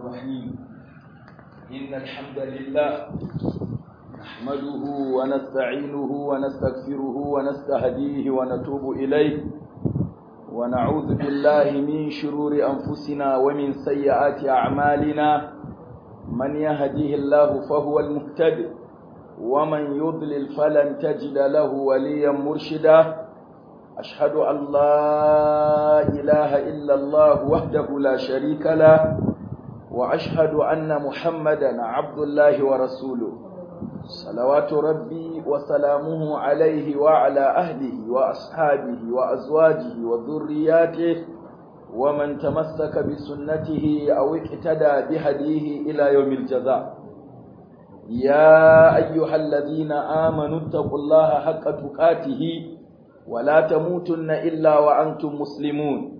الرحيم إن الحمد لله نحمده ونستعينه ونستغفره ونستهديه ونتوب إليه ونعوذ بالله من شرور أنفسنا ومن سيئات أعمالنا من يهديه الله فهو المهتد ومن يضلل فلن تجد له وليا مرشدا أشهد أن لا إله إلا الله وحده لا شريك له وأشهد أن محمدا عبد الله ورسوله صلوات ربي وسلامه عليه وعلى أهله وأصحابه وأزواجه وذرياته ومن تمسك بسنته أو اقتدى بهديه إلى يوم الجزاء يا أيها الذين آمنوا اتقوا الله حق تقاته ولا تموتن إلا وأنتم مسلمون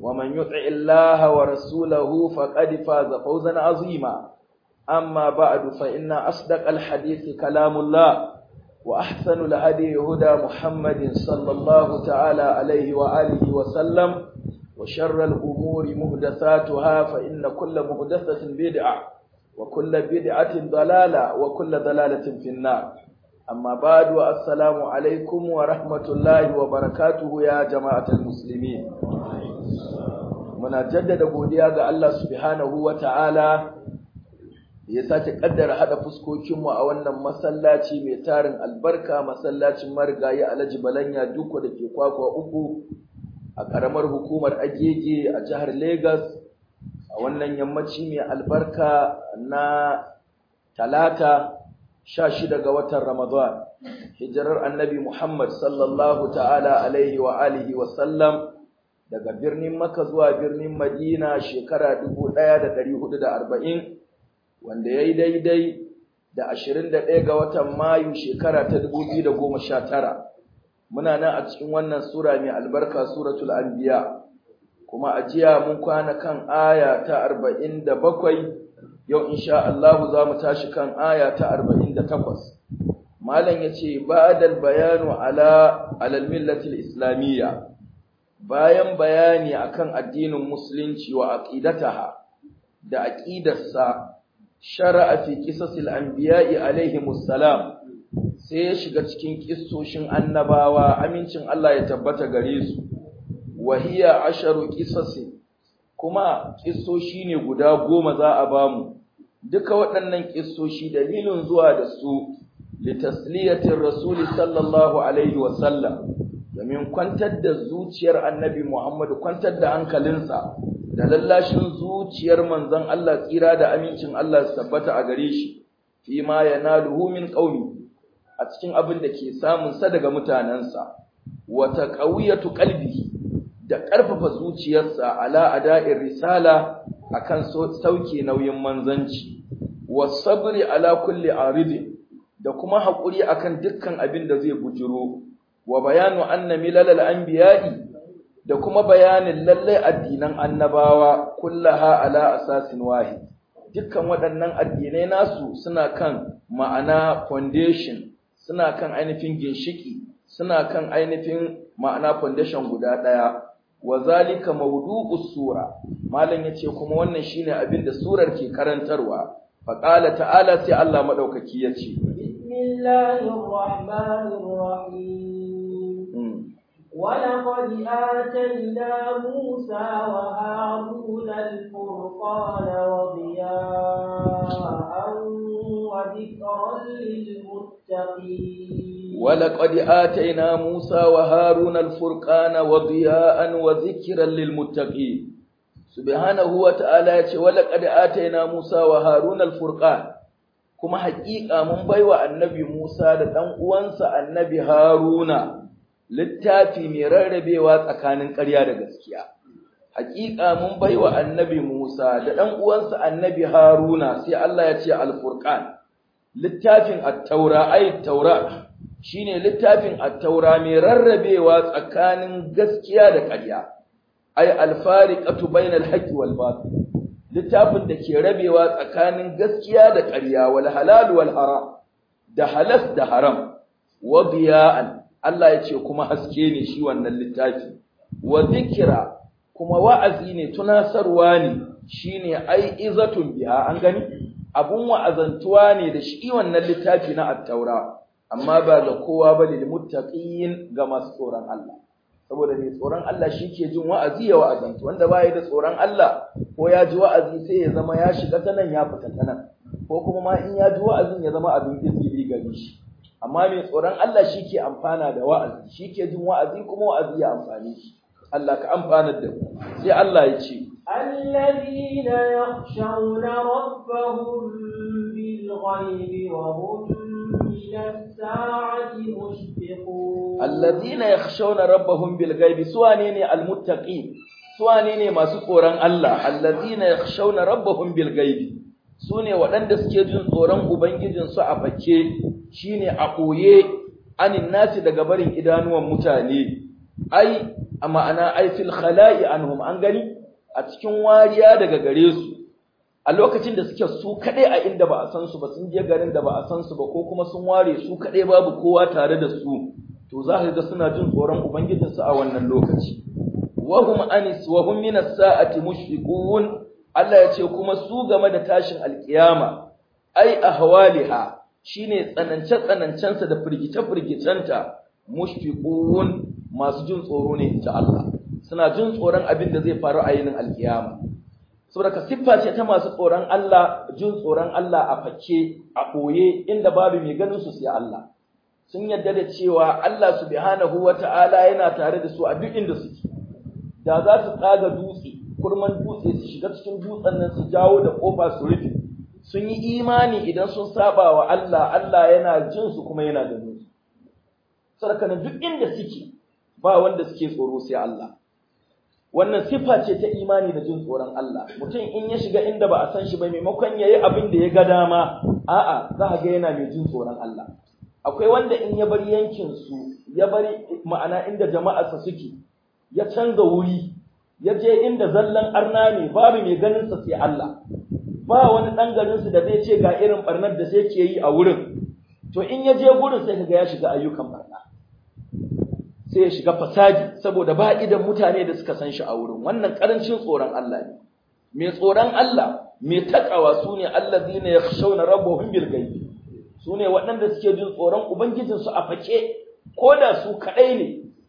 ومن يطع الله ورسوله فقد فاز فوزا عظيما أما بعد فإن أصدق الحديث كلام الله وأحسن الهدي هدى محمد صلى الله تعالى عليه وآله وسلم وشر الأمور مهدثاتها فإن كل مهدثة بدعة وكل بدعة ضلالة وكل ضلالة في النار Amma badu assalamu alaikum wa rahmatullahi wa وبركاته jama'a ta Musulmi. muna jaddada godiya ga Allah subhanahu ta'ala ya sace kaddara hada fuskokin mu a wannan masallaci mai tarin albarka masallacin marigayi Alhaji Balanya Duko da ke kwakwa uku a karamar hukumar Agege a jihar Lagos a wannan yammaci mai albarka na talata 16 ga watan Ramadan hijirar Annabi Muhammad sallallahu ta'ala alaihi wa alihi wa sallam daga birnin Makka zuwa birnin Madina shekara 1440 wanda yayi daidai da 21 ga watan Mayu shekara ta 2019 muna nan a cikin wannan sura mai albarka suratul anbiya kuma a jiya mun kwana kan aya ta 47 yau insha Allah za mu tashi kan aya ta 48 malam yace ba'dal bayanu ala alal millatil islamiyya bayan bayani akan addinin musulunci wa aqidataha da aqidarsa shar'a fi qisasil anbiya'i alaihimus salam sai ya shiga cikin kissoshin annabawa amincin Allah ya tabbata gare su wa asharu qisasin kuma kissoshi ne guda goma za a bamu duka waɗannan ƙisoshi dalilin zuwa da su litasliyatin rasuli sallallahu alaihi wasallam domin kwantar da zuciyar annabi Muhammadu kwantar da hankalinsa da lallashin zuciyar manzon Allah tsira da amincin Allah su tabbata a gare shi fi ma na min qaumi a cikin abin da ke samunsa daga mutanensa, wata ƙauyatu ƙalbi da ƙarfafa zuciyarsa ala da'in risala akan sauke nauyin manzanci wa sabri ala kulli aridin da kuma haƙuri akan dukkan abin da zai bujiro wa bayanu anna milalal anbiya'i da kuma bayanin lallai addinan annabawa kullaha ala asasin wahid dukkan waɗannan addinai nasu suna kan ma'ana foundation suna kan ainihin ginshiki suna kan ainihin ma'ana foundation guda ɗaya wa zalika mawdu'us sura malam yace kuma wannan shine abin da surar ke karantarwa فقال تعالى سي الله ta'ala يتي بسم الله الرحمن الرحيم ولقد آتينا موسى وهارون الفرقان وضياء وذكرا للمتقين ولقد آتينا موسى وهارون الفرقان وضياء وذكرا للمتقين subhanahu wa ta'ala ya ce wala qad atayna Musa wa Harun al-furqan kuma haƙiƙa mun baiwa annabi Musa da dan uwansa annabi Haruna littafi mai rarrabewa tsakanin ƙarya da gaskiya haƙiƙa mun baiwa annabi Musa da ɗan uwansa annabi Haruna sai Allah ya ce al-furqan littafin at-taura ay taura shine littafin at-taura mai rarrabewa tsakanin gaskiya da ƙarya ay alfariqatu bainal haqqi wal batil littafin da ke rabewa tsakanin gaskiya da ƙarya wal halal wal haram da halas da haram wa diya'an Allah ya ce kuma haske ne shi wannan littafi wa dhikra kuma wa'azi ne tunasarwa ne shine ai izatun biha an gani abun wa'azantuwa ne da shi wannan littafi na at-taura amma ba ga kowa bane lil muttaqin ga masu tsoron Allah saboda mai tsoron Allah shi ke jin wa'azi ya wa'azi wanda ba da tsoron Allah ko ya ji wa'azi sai ya zama ya shiga ta nan ya fita ta nan ko kuma ma in ya ji wa'azin ya zama abin izgiri gari shi amma mai tsoron Allah shi ke amfana da wa'azi shi ke jin wa'azi kuma wa'azi ya amfani shi Allah ka amfana da mu sai Allah ya ce الذين يخشون ربهم بالغيب وهم إلى الساعة مشفقون الذين يخشون ربهم بالغيب سوانين المتقين سوانين ما سقوران الله الذين يخشون ربهم بالغيب sune waɗanda suke jin tsoron ubangijinsu a fake shine a koye anin nasi daga barin idanuwan mutane ai a ma'ana ai fil khala'i an gani a cikin wariya daga gare su a lokacin da suke su kaɗai a inda ba a san su ba sun je garin da ba a san su ba ko kuma sun ware su kaɗai babu kowa tare da su to za ka ga suna jin tsoron su a wannan lokaci wahum anis hum min as-sa'ati mushfiqun Allah ya ce kuma su game da tashin alkiyama ai ahwaliha shine tsanance tsanancen sa da firgice firgicenta mushfiqun masu jin tsoro ne ta Allah suna jin tsoron abin da zai faru a yinin alkiyama saboda ka siffa ce ta masu tsoron Allah jin tsoron Allah a fake a ɓoye inda babu mai ganin su sai Allah sun yadda da cewa Allah subhanahu wata'ala yana tare da su a duk inda suke da za su tsaga dutse kurman dutse su shiga cikin dutsen nan su jawo da kofa su rufe sun yi imani idan sun saba wa Allah Allah yana jin su kuma yana da su sarkana duk inda suke ba wanda suke tsoro sai Allah wannan sifa ce ta imani da jin tsoron Allah mutum in ya shiga inda ba a san shi ba maimakon yayi abin da ya ga dama a'a za a ga yana mai jin tsoron Allah akwai wanda in ya bar yankin su ya bar ma'ana inda jama'a su suke ya canza wuri ya je inda zallan arna ne babu mai ganin sa sai Allah ba wani dan garin su da zai ce ga irin barnar da sai ke yi a wurin to in ya je gurin sai kaga ya shiga ayyukan ba sai ya shiga fasadi saboda ba idan mutane da suka san shi a wurin wannan karancin tsoron Allah ne mai tsoron Allah mai takawa sune allazina yakhshawna rabbahum bil ghaib sune waɗanda suke jin tsoron ubangijin su a fake koda su kadai ne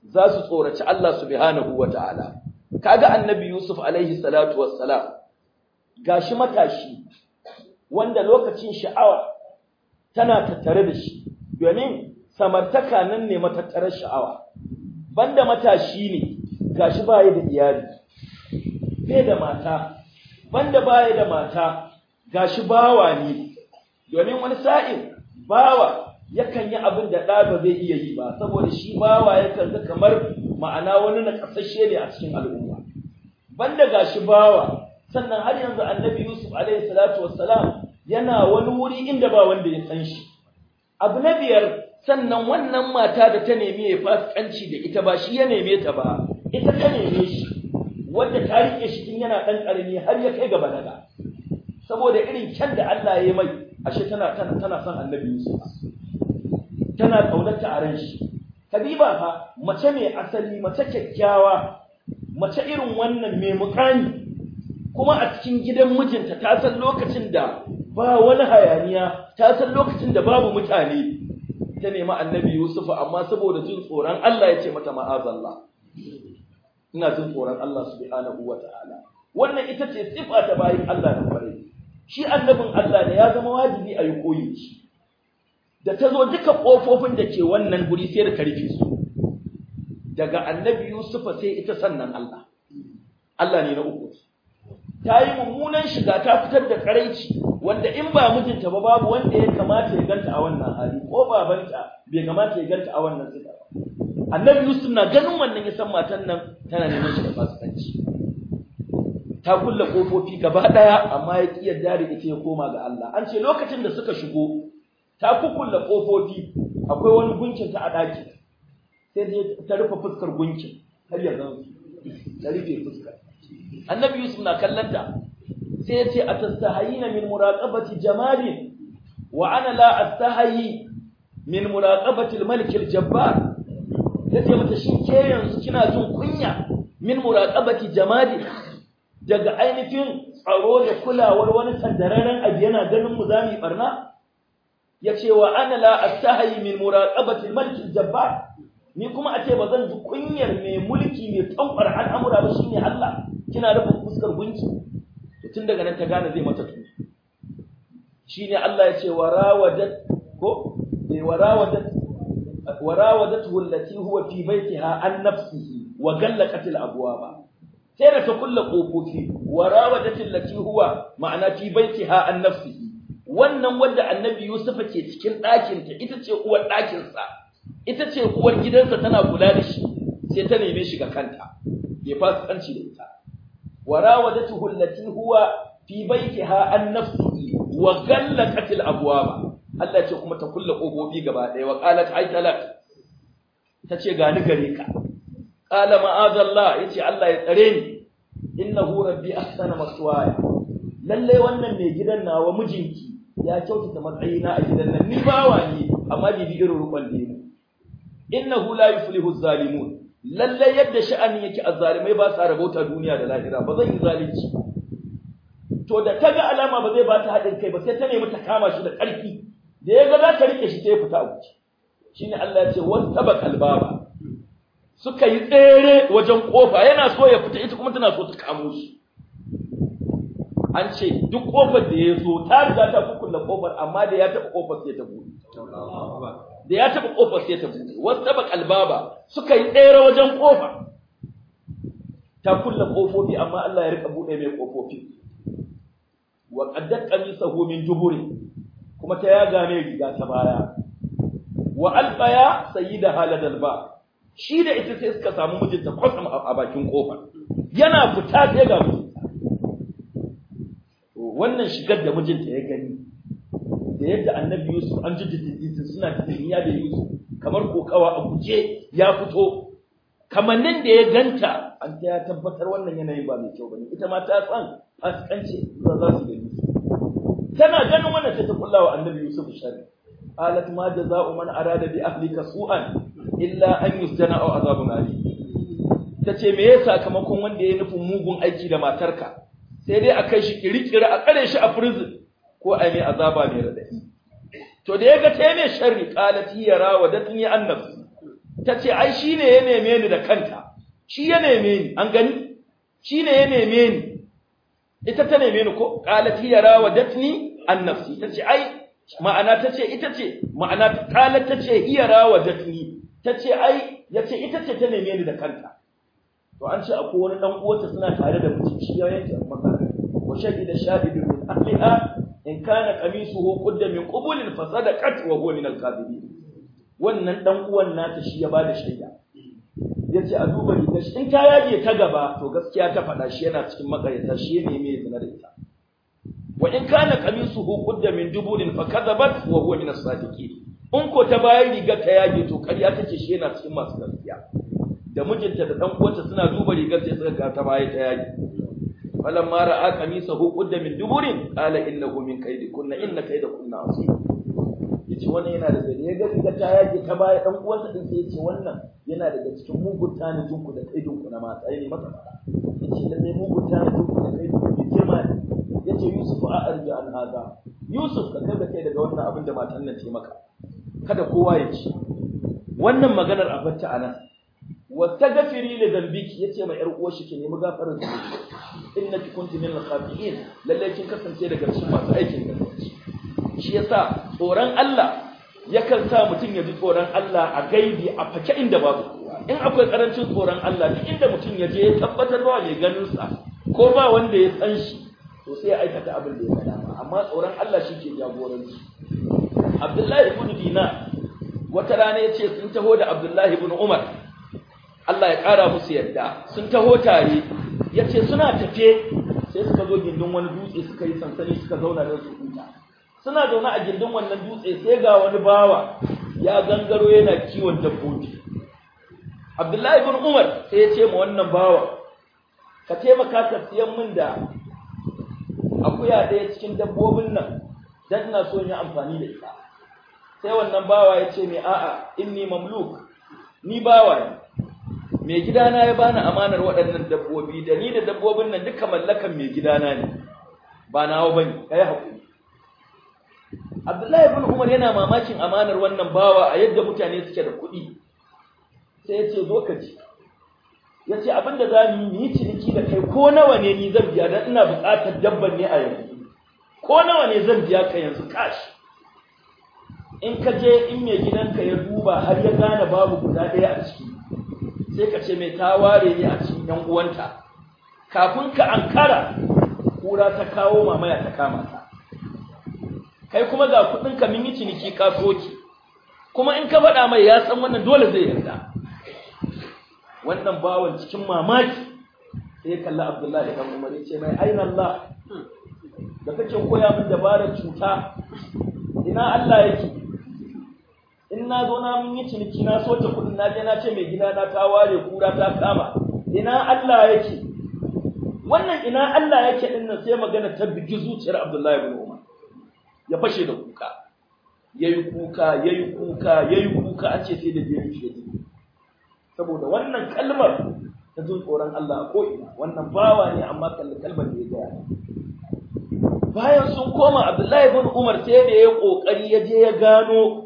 za su tsoraci Allah subhanahu wataala kaga annabi Yusuf alaihi salatu wassalam gashi matashi wanda lokacin sha'awa tana tattare da shi domin samartaka nan ne matattarar sha'awa banda matashi ne gashi baya da iyali bai da mata banda baya da mata gashi bawa ne domin wani sa'in bawa yakan yi abin da ɗa ba zai iya yi ba saboda shi bawa yakan ga kamar ma'ana wani na kasashe ne a cikin al'umma banda gashi bawa sannan har yanzu annabi yusuf alaihi salatu wassalam yana wani wuri inda ba wanda ya san shi abu na biyar sannan wannan mata da ta nemi ya fasikanci da ita ba shi ya neme ta ba ita ta neme shi wanda ta rike shi tun yana ɗan ƙarami har ya kai ga balaga saboda irin kyan da Allah ya mai ashe tana tana tana son Annabi Yusuf tana kaunarta a ran shi Habiba fa mace mai asali mace kyakkyawa mace irin wannan mai mukani kuma a cikin gidan mijinta ta san lokacin da ba wani hayaniya ta san lokacin da babu mutane ta nemi annabi Yusuf amma saboda jin tsoron Allah ya ce mata ma'azallah ina jin tsoron Allah subhanahu wata'ala wannan ita ce sifa ta bayin Allah na kware shi annabin Allah ne ya zama wajibi a yi koyi shi da ta zo duka kofofin da ke wannan guri sai da karfi rufe su daga annabi Yusuf sai ita sannan Allah Allah ne na uku ta yi mummunan shiga ta fitar da karaici wanda in ba mijinta ba babu wanda ya kamata ya ganta a wannan hali ko babanta bai kamata ya ganta a wannan siga ba annabi yusuf na ganin wannan ya san matan nan tana neman shi da fasikanci ta kulle kofofi gaba daya amma ya ki yarda da ita ya koma ga Allah an ce lokacin da suka shigo ta kulle kofofi akwai wani gunkin ta a daki sai ta rufe fuskar gunkin har ya ta rufe fuskar annabi yusuf na kallanta sai ya ce a atastahayina min muraqabati jamalin wa ana la astahayi min muraqabati al-malik al-jabbar yace mata shi ke yanzu kina jin kunya min muraqabati jamali daga ainihin tsaro da kulawar wani sandararren abu yana ganin mu zami barna yace wa ana la astahayi min muraqabati al-malik al-jabbar ni kuma a ce ba zan ji kunyar mai mulki mai tankwar al'amura ba shine Allah kina nufin fuskar gunki tun daga nan ta gane zai mata tuki shine Allah ya ce warawadat ko bi eh, warawadat warawadatu allati huwa fi baytiha an nafsihi wa gallaqat al abwaba sai da ta kulla kofofi warawadatu allati huwa ma'ana fi baytiha an nafsihi wannan wanda annabi Yusufa ke cikin ɗakin ta ita ce uwar ɗakin sa ita ce uwar gidansa tana kula da shi sai ta neme shi ga kanta bai fasanci da ita وراودته التي هو في بيتها عن نفسه وغلقت الابواب Allah ce kuma ta kulle kofofi gaba ɗaya wa qalat ay tace ga ni gare ka qala ma'azallah yace Allah ya tsare ni innahu rabbi ahsana maswaya lalle wannan mai gidan nawa mijinki ya kyautata matsayina a gidan nan ni bawa ne amma bibi irin rukun ne innahu la yuflihu zalimun lalle yadda sha'ani yake azzalimai ba sa rabota duniya da lahira ba zan yi zalunci to da ta ga alama ba zai ba ta haɗin kai ba sai ta nemi ta kama shi da ƙarfi da ya ga za ta rike shi ta fita a wuce shine Allah ya ce wata ba kalbaba suka yi tsere wajen kofa yana so ya fita ita kuma tana so ta kamo shi an ce duk kofar da ya zo ta riga ta kukkulla kofar amma da ya taɓa kofar sai ta buɗe da ya taba kofar sai ta bude wata ba kalbaba suka yi tsere wajen kofa ta kulla kofofi amma Allah ya rika bude mai kofofi wa qaddat qamisahu min juburi kuma ta ya gane riga ta baya wa albaya sayyida haladal ba shi da ita sai suka samu mijinta kwatsam a bakin kofa yana fita sai ga wannan shigar da mijinta ya gani da yadda annabi yusuf an ji jikin suna tafiya da yusuf kamar kokawa a guje ya fito kamannin da ya ganta an ta tabbatar wannan yanayin ba mai kyau bane ita ma ta san fasikanci za za su gani tana ganin wannan sai ta kullawa annabi yusuf shari alat ma jazaa'u man arada bi ahlika su'an illa an yusjana aw azabun alim tace me ya sakamakon wanda ya nufin mugun aiki da matarka sai dai a kai shi kirikira a kare shi a prison ko ai mai azaba mai radadi to da yaga ta mai sharri qalat hiya rawadatni an nafsi tace ai shine ya neme ni da kanta shi ya neme ni an gani shine ya neme ni ita ta neme ni ko qalat hiya rawadatni an nafsi tace ai ma'ana tace ita ce ma'ana qalat tace hiya rawadatni tace ai yace ita ce ta neme ni da kanta to an ce akwai wani dan uwarta suna tare da miji shi ya yanke masa wa shahida shahidun min ahliha in kana qamisuhu qudda min qubulin sadaqat wa huwa min al-kadhibin wannan dan uwan nata shi ya bada shaida yace a duba rigar shi in ta yage ta gaba to gaskiya ta faɗa shi yana cikin makayyata shi ne mai zina da ita wa in kana qamisuhu qudda min dubulin kadabat wa huwa min as-sadiqin in ko ta bayan riga ta yage to ƙarya take shi yana cikin masu gaskiya da mijinta da dan uwanta suna duba rigar sai suka ga ta baya ta yage falamma ra'a qamisahu qudda min duburin qala innahu min kunna inna kaydakunna azim yace wannan yana da gari ya ga ga ta yake ta baya dan uwansa din sai yace wannan yana daga cikin mugun tanijin ku da kaidin ku na mata yayi masa fara yace lalle mugun tanijin ku da kaidin ku ke ma yace Yusuf a arji an haza Yusuf ka kai kai daga wannan abin da matan nan ce maka kada kowa ya ci wannan maganar a anan wata tagfiri li dhanbiki yace mai yar uwar shi ke nemi gafarar In ki kunti min al-khati'in lalle kin kasance daga cikin masu aikin gafarci shi yasa tsoron Allah yakan sa mutum ya ji tsoron Allah a gaibi a fake inda babu in akwai karancin tsoron Allah duk inda mutum ya je ya tabbatar ba mai ganinsa, ko ba wanda ya san shi to ya aikata abin da ya faɗa ba. amma tsoron Allah shi ke jagoranci Abdullahi ibn Dina wata rana ya ce sun taho da Abdullahi ibn Umar Allah ya ƙara musu yadda sun taho tare ya ce suna tafe sai suka zo gindin wani dutse suka yi sansani suka zauna don su huta suna zaune a gindin wannan dutse sai ga wani bawa ya gangaro yana kiwon dabbobi Abdullahi ibn Umar sai ya ce ma wannan bawa ka taimaka ka siyan min da akuya ɗaya cikin dabbobin nan dan ina so yin amfani da ita sai wannan bawa ya ce me a'a inni mamluk ni bawa ne mai gidana ya bani amanar waɗannan dabbobi da ni da dabbobin nan duka mallakan mai gidana ne ba nawa bane kai hakuri Abdullahi ibn Umar yana mamakin amanar wannan bawa a yadda mutane suke da kuɗi sai ya ce zo ka ji ya ce abinda za mu yi ciniki da kai ko nawa ne ni zan biya dan ina buƙatar dabban ne a yanzu ko nawa ne zan biya ka yanzu kashi in ka je in mai gidanka ya duba har ya gane babu guda ɗaya a ciki sai ka ce mai ta ware ne a cikin yan uwanta kafin ka ankara kura ta kawo mamaya ta kama ta kai kuma ga kudin ka min yi ciniki ka soki kuma in ka faɗa mai ya san wannan dole zai yarda wannan bawan cikin mamaki sai kalla Abdullahi dan Umar ya ce mai aina Allah da kake koya min dabarar cuta ina Allah yake na zo na mun yi ciniki na soke kuɗin na je na ce mai gida na ta ware kura ta kama ina Allah yake wannan ina Allah yake din nan sai magana ta bigi zuciyar Abdullahi ibn Umar ya fashe da kuka yayi kuka yayi kuka yayi kuka a ce sai da je shi saboda wannan kalmar ta jin tsoron Allah ko ina wannan bawa ne amma kalli kalmar da ya gaya bayan sun koma Abdullahi ibn Umar sai da ya kokari ya je ya gano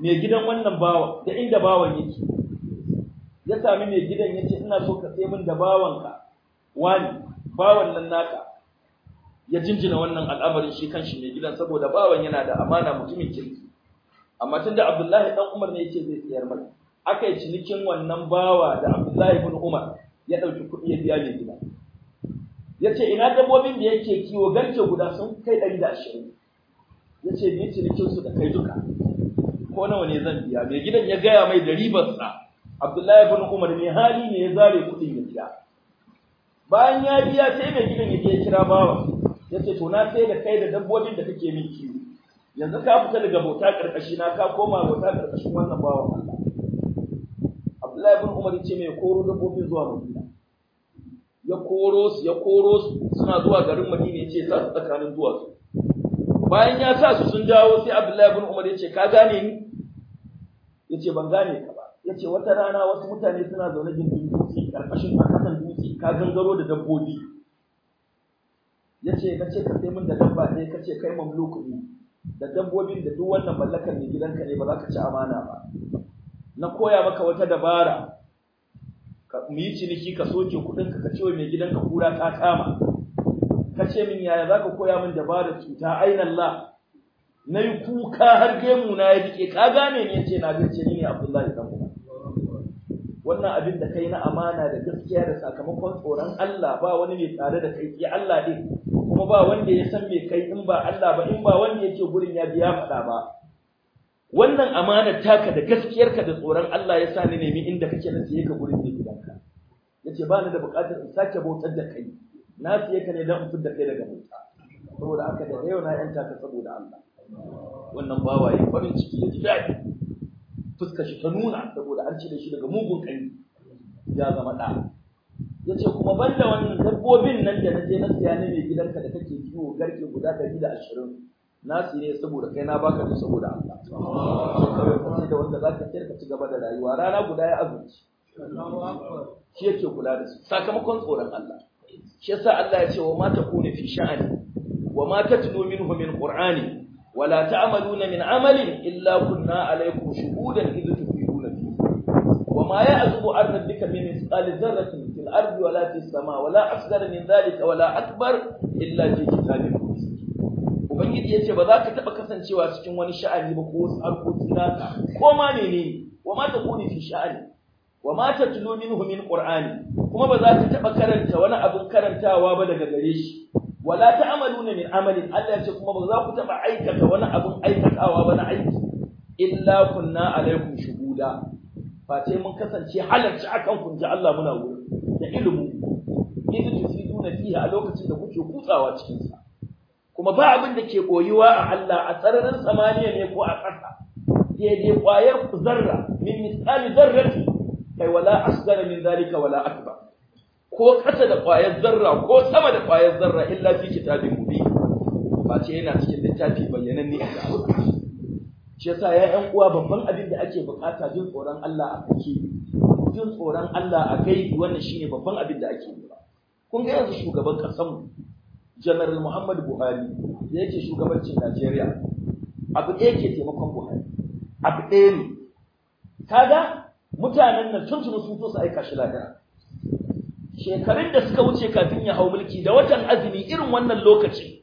mai gidan wannan bawa da inda bawan yake ya sami mai gidan yace ina so ka sai min da bawanka wani bawan nan naka ya jinjina wannan al'amarin shi kanshi mai gidan saboda bawan yana da amana mutumin kirki amma tunda Abdullahi dan Umar ne yake zai tsayar mai aka yi cinikin wannan bawa da Abdullahi ibn Umar ya dauki kuɗi ya biya mai gidan yace ina dabbobin da yake kiwo garke guda sun kai 120 yace ni cinikin su da kai duka ko nawa ne zan biya mai gidan ya gaya mai da ribarsa Abdullahi ibn Umar ne hali ne ya zare kuɗin ya biya bayan ya biya sai mai gidan ya je kira bawa yace to na sai da kai da dabbobin da kake min kiwo yanzu ka fita daga bauta karkashi na ka koma bauta karkashin wannan bawan Allah Abdullahi ibn Umar ce mai koro dabbobin zuwa Madina ya koro su ya koro su suna zuwa garin Madina ce za su tsakanin duwatsu bayan ya sa su sun dawo sai Abdullahi ibn Umar yace ka gane ni yace ban gane ka ba yace wata rana wasu mutane suna zaune gindin dutse karkashin akasan dutse ka gangaro da dabbobi yace na ce ka sai min da dabba ne ka ce kai mamluku ne da dabbobin da duk wannan mallakar ne gidanka ne ba za ka ci amana ba na koya maka wata dabara Ka mu yi ciniki ka soke kuɗinka ka ce wa mai gidanka kura ta kama kace min yaya zaka koya min dabarar cuta aina Allah nayi kuka har gemu na ya dike ka gane ne yace na gace ni ne Abdullahi dan wannan abin da kai na amana da gaskiya da sakamakon tsoron Allah ba wani mai tsare da kai ya Allah din kuma ba wanda ya san mai kai in ba Allah ba in ba wanda yake gurin ya biya faɗa ba wannan amanar taka da gaskiyarka da tsoron Allah ya sa ni nemi inda kake na siye ka gurin ne gidanka yace ba ni da buƙatar in sake bautar da kai na fiye ka ne don in da kai daga bauta saboda haka da yau na yanta ka saboda Allah wannan bawaye farin ciki ya ji daɗi fuskar shi ta nuna saboda an cire shi daga mugun kani ya zama ɗa ya ce kuma ban da wannan dabbobin nan da na je na siya ne mai gidanka da kake kiwo garke guda ɗari da ashirin na siye saboda kai na baka ne saboda Allah kawai ka da wanda za ka ka ci gaba da rayuwa rana guda ya azumci shi yake kula da su sakamakon tsoron Allah shi yasa Allah ya ce wa mata takunu fi sha'ani wa ma tatlu minhu min qur'ani wa la ta'maluna min amalin illa kunna alaykum shuhudan idh tufiduna fi wa ma ya'zubu an rabbika min mithqali dharratin fil ardi wa la fis sama wa la asghara min dhalika wa la akbar illa fi kitabin Ubangiji ya ce ba za ka taɓa kasancewa cikin wani sha'ani ba ko wasu harkoki naka ko ma menene wa ma takunu fi sha'ani wa ma tatlu minhu min qur'ani kuma ba za ta taba karanta wani abin karantawa ba daga gare shi wala amaluna min amalin Allah ya ce kuma ba za ku taba aikata wani abin aikatawa ba na aiki illa kunna alaikum shuhuda face mun kasance halarci akan kun ji Allah muna wuri da ilimi idan tusiduna fiye a lokacin da kuke kutsawa cikin sa kuma ba abin da ke koyuwa a Allah a tsararin samaniya ne ko a ƙasa daidai ƙwayar zarra min misali zarrati kai wala asgara min dalika wala akbar ko kasa da ƙwayar zarra ko sama da ƙwayar zarra illa fi kitabin mubi ba ce yana cikin littafi ne a ga Allah shi yasa ya ƴan uwa babban abin da ake bukata jin tsoron Allah a kake jin tsoron Allah a kai wannan shine babban abin da ake yi kun ga yanzu shugaban kasar mu General Muhammad Buhari da yake shugabancin Najeriya abu ɗaya ke taimakon Buhari abu ɗaya ne kaga mutanen nan tun su sun su aika shi lahira shekarun da suka wuce kafin ya hau mulki da watan azumi irin wannan lokaci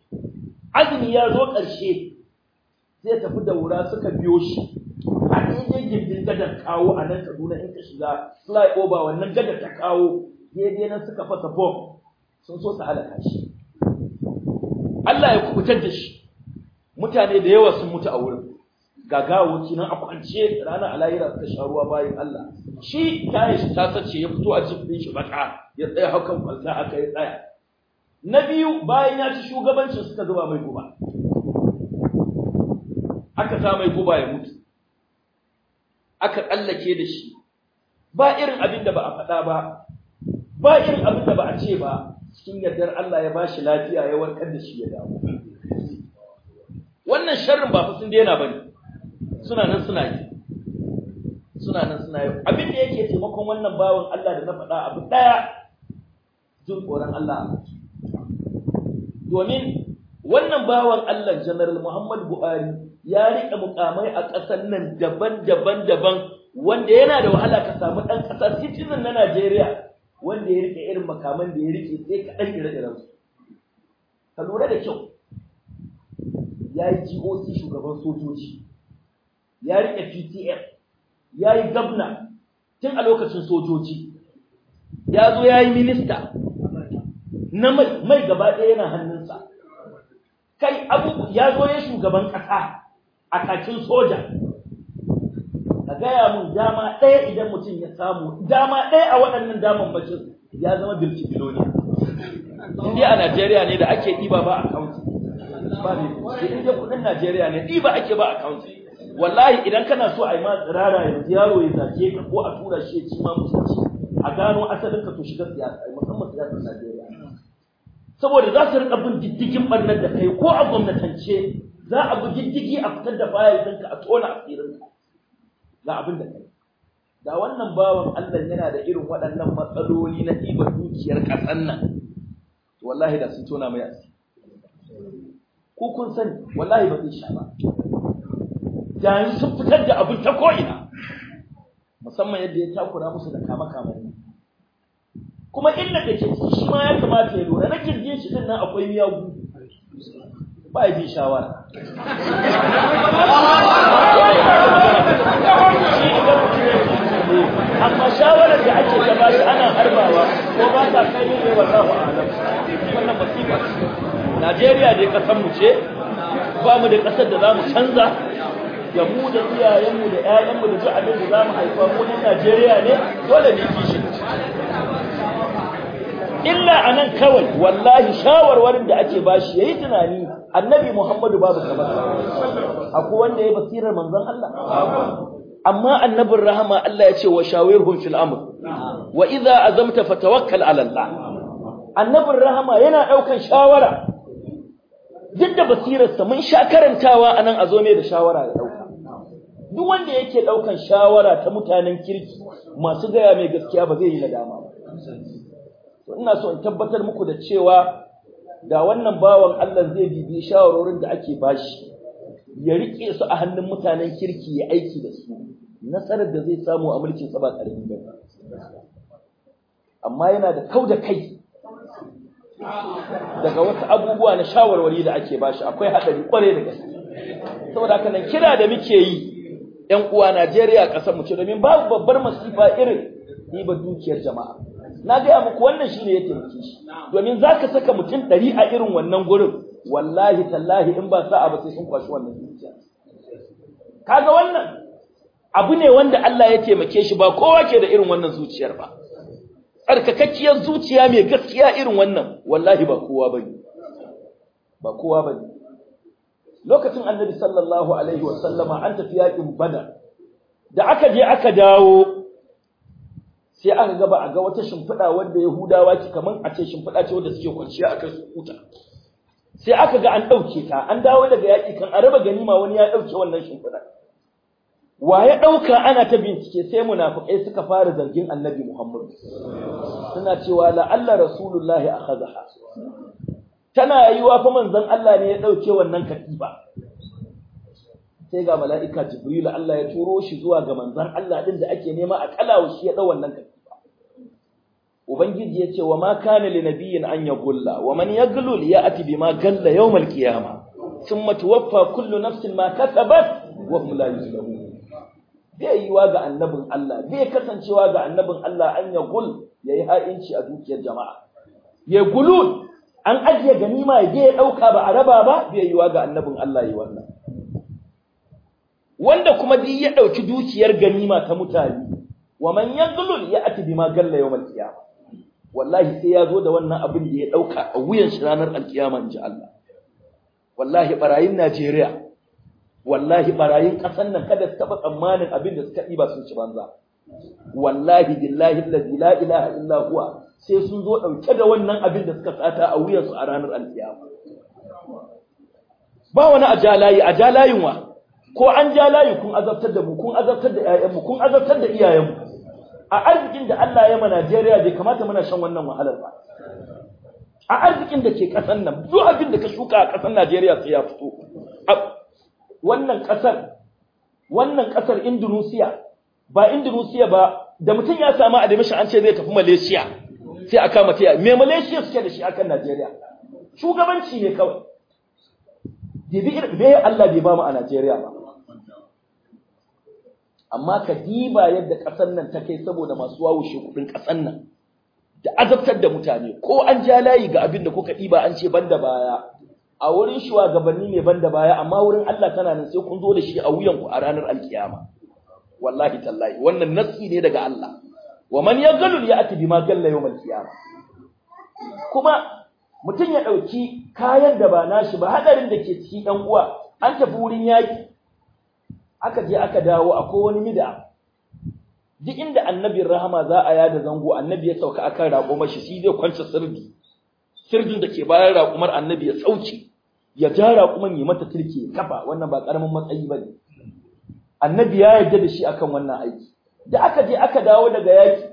azumi ya zo ƙarshe zai tafi da wura suka biyo shi a daidai gindin gadar kawo a nan kaduna in ka shiga over wannan gadar ta kawo daidai nan suka fasa bom sun so su halaka shi Allah ya kubutar da shi mutane da yawa sun mutu a wurin gagawoci nan a kwance ranar alayira ta sha ruwa bayan Allah shi ta shi ta sace ya fito a cikin shi baka ya tsaya hakan kwalta haka ya tsaya na biyu bayan ya ci shugabancin suka zuba mai guba aka sa mai guba ya mutu aka tsallake da shi ba irin abin da ba a faɗa ba ba irin abin da ba a ce ba cikin yardar Allah ya bashi lafiya ya warkar da shi ya dawo wannan sharrin ba fa sun daina bane suna nan suna yi suna nan suna yi abin da yake taimakon wannan bawan Allah da na faɗa abu ɗaya jin tsoron Allah domin wannan bawan Allah General Muhammad Buhari ya riƙe mukamai a ƙasar nan daban-daban daban wanda yana da wahala ka samu ɗan ƙasa citizen na Najeriya wanda ya riƙe irin makaman da ya riƙe sai kaɗan ire-iren su. Ka lura da kyau, ya yi GOC shugaban sojoji, ya rike PTF ya yi gabna tun a lokacin sojoji ya zo ya yi minista na mai gaba ɗaya yana hannunsa kai abu ya zo ya shugaban ƙasa a kakin soja ka gaya mun dama ɗaya idan mutum ya samu dama ɗaya a waɗannan daman bacin ya zama bilci biloni. Indiya a Najeriya ne da ake ɗiba ba a Ba ne, sai kuɗin Najeriya ne ɗiba ake ba a wallahi idan kana so a yi ma tsirara yanzu yaro ya zace ka ko a tura shi ya ci ma mutunci a gano asalin ka to shiga siyasa musamman siyasar Najeriya saboda za su riƙa bin diddigin ɓarnar da kai ko a gwamnatance za a bi diddigi a fitar da fayil ka a tona asirin ka ga abin da kai da wannan bawan Allah yana da irin waɗannan matsaloli na ɗiba dukiyar ƙasar nan wallahi da sun tona mai asiri ko kun sani wallahi ba zai sha ba Jami sun fitar da abin ta ko'ina musamman yadda ya takura musu da kama kama ne kuma illa da ke ciki shi ma ya kamata ya lura na kirje shi din nan akwai miyagu ba ya bin shawara amma shawarar da ake ta bashi ana harbawa ko ba ta kai ne wallahu alam wannan masifa Najeriya dai kasan mu ce ba mu da kasar da za mu canza da mu da iyayenmu da 'ya'yanmu da duk abin da za mu haifa mu Najeriya ne dole ne kishi illa nan kawai wallahi shawarwarin da ake bashi yayi tunani annabi Muhammadu babu kamar akwai wanda ya basirar manzon Allah amma annabin rahama Allah ya ce wa shawirhum fil amr wa a azamta fatawakkal ala annabin rahama yana ɗaukan shawara duk da basirarsa mun sha karantawa anan a zo mai da shawara ya duk wanda yake daukan shawara ta mutanen kirki masu gaya mai gaskiya ba zai yi nadama ba to ina so in tabbatar muku da cewa da wannan bawan Allah zai bibi shawarorin da ake bashi ya rike su a hannun mutanen kirki ya aiki da su nasarar da zai samu a mulkin sa ba karfi ba amma yana da kau da kai daga wasu abubuwa na shawarwari da ake bashi akwai hadari kwarai da gaske saboda haka nan kira da muke yi ‘yan uwa Najeriya ƙasar mu ce domin babu babbar masifa irin riba dukiyar jama'a. Na gaya muku wannan shi ne ya taimake shi, domin za ka saka mutum ɗari a irin wannan gurin, wallahi tallahi in ba sa'a ba sai sun kwashi wannan dukiya. Kaga wannan abu ne wanda Allah ya taimake shi ba kowa ke da irin wannan zuciyar ba. Tsarkakakkiyar zuciya mai gaskiya irin wannan, wallahi ba kowa ba ne. Ba kowa ba ne. lokacin annabi sallallahu alaihi wasallama an tafi yakin bada da aka je aka dawo sai aka ga ba a ga wata shimfiɗa wanda yahudawa ki kaman a ce shimfiɗa ce wanda suke kwanciya akan su huta sai aka ga an ɗauke ta an dawo daga yaƙi kan a raba ganima wani ya ɗauke wannan shimfiɗa wa ya ɗauka ana ta bincike sai munafukai suka fara zargin annabi muhammad suna cewa la'alla rasulullahi akhadha tana yiwa fa manzon Allah ne ya dauke wannan katiba sai ga mala'ika jibril Allah ya turo shi zuwa ga manzon Allah din da ake nema a kalawo shi ya dau wannan katiba ubangiji ya ce wa ma kana li nabiyyin an yagulla wa man yaglul ya'ti bima galla yawmal qiyamah thumma tuwaffa kullu nafsin ma kasabat wa hum la yuzlamun bai yiwa ga annabin Allah bai kasancewa ga annabin Allah an yayi ha'inci a dukiyar jama'a ya gulul an ajiye ganima ya je ya ɗauka ba a raba ba bai yiwa ga annabin Allah yi wannan wanda kuma duk ya ɗauki dukiyar ganima ta mutane wa man yadlul ya ati bima galla yawmal qiyamah wallahi sai ya zo da wannan abin da ya ɗauka a wuyan shi ranar alkiyama inji Allah wallahi barayin Najeriya wallahi barayin ƙasar nan kada su taɓa tsammanin abin da suka ba sun ci banza wallahi billahi allazi la ilaha illa huwa sai sun zo ɗauke da wannan abin da suka sata a wuyansu a ranar alƙiyama. ba wani a jalayi a jalayin wa ko an jalayi kun azabtar da mu kun azabtar da 'ya'yanmu, kun azabtar da iyayenmu a arzikin da Allah ya ma Najeriya bai kamata muna shan wannan wahalar ba a arzikin da ke ƙasar nan duk abin da ka shuka a ƙasar Najeriya sai ya fito wannan ƙasar wannan ƙasar Indonesia ba Indonesia ba da mutum ya samu admission an ce zai tafi Malaysia sai a kama tiya me Malaysia suke da shi akan Najeriya shugabanci ne kawai dibi irin me Allah bai ba mu a Najeriya ba amma ka diba yadda ƙasar nan ta kai saboda masu wawushe kuɗin ƙasar nan da azabtar da mutane ko an ja layi ga abin da kuka ɗiba an ce banda baya a wurin shugabanni ne banda baya amma wurin Allah tana nan sai kun zo da shi a wuyanku a ranar alkiyama wallahi tallahi wannan nasi ne daga Allah wa man yaghlul ya'ti bima galla al qiyamah kuma mutum ya dauki kayan da ba nashi ba hadarin da ke ciki dan uwa an tafi wurin yaki aka je aka dawo akwai wani mida duk inda Annabi rahama za a yada zango annabi ya sauka akan rako mashi shi zai kwanta sirdi sirdin da ke bayan rakumar annabi ya tsauce ya ja raƙuman ya mata tilke kafa wannan ba karamin matsayi bane annabi ya yarda da shi akan wannan aiki da aka je aka dawo daga yaki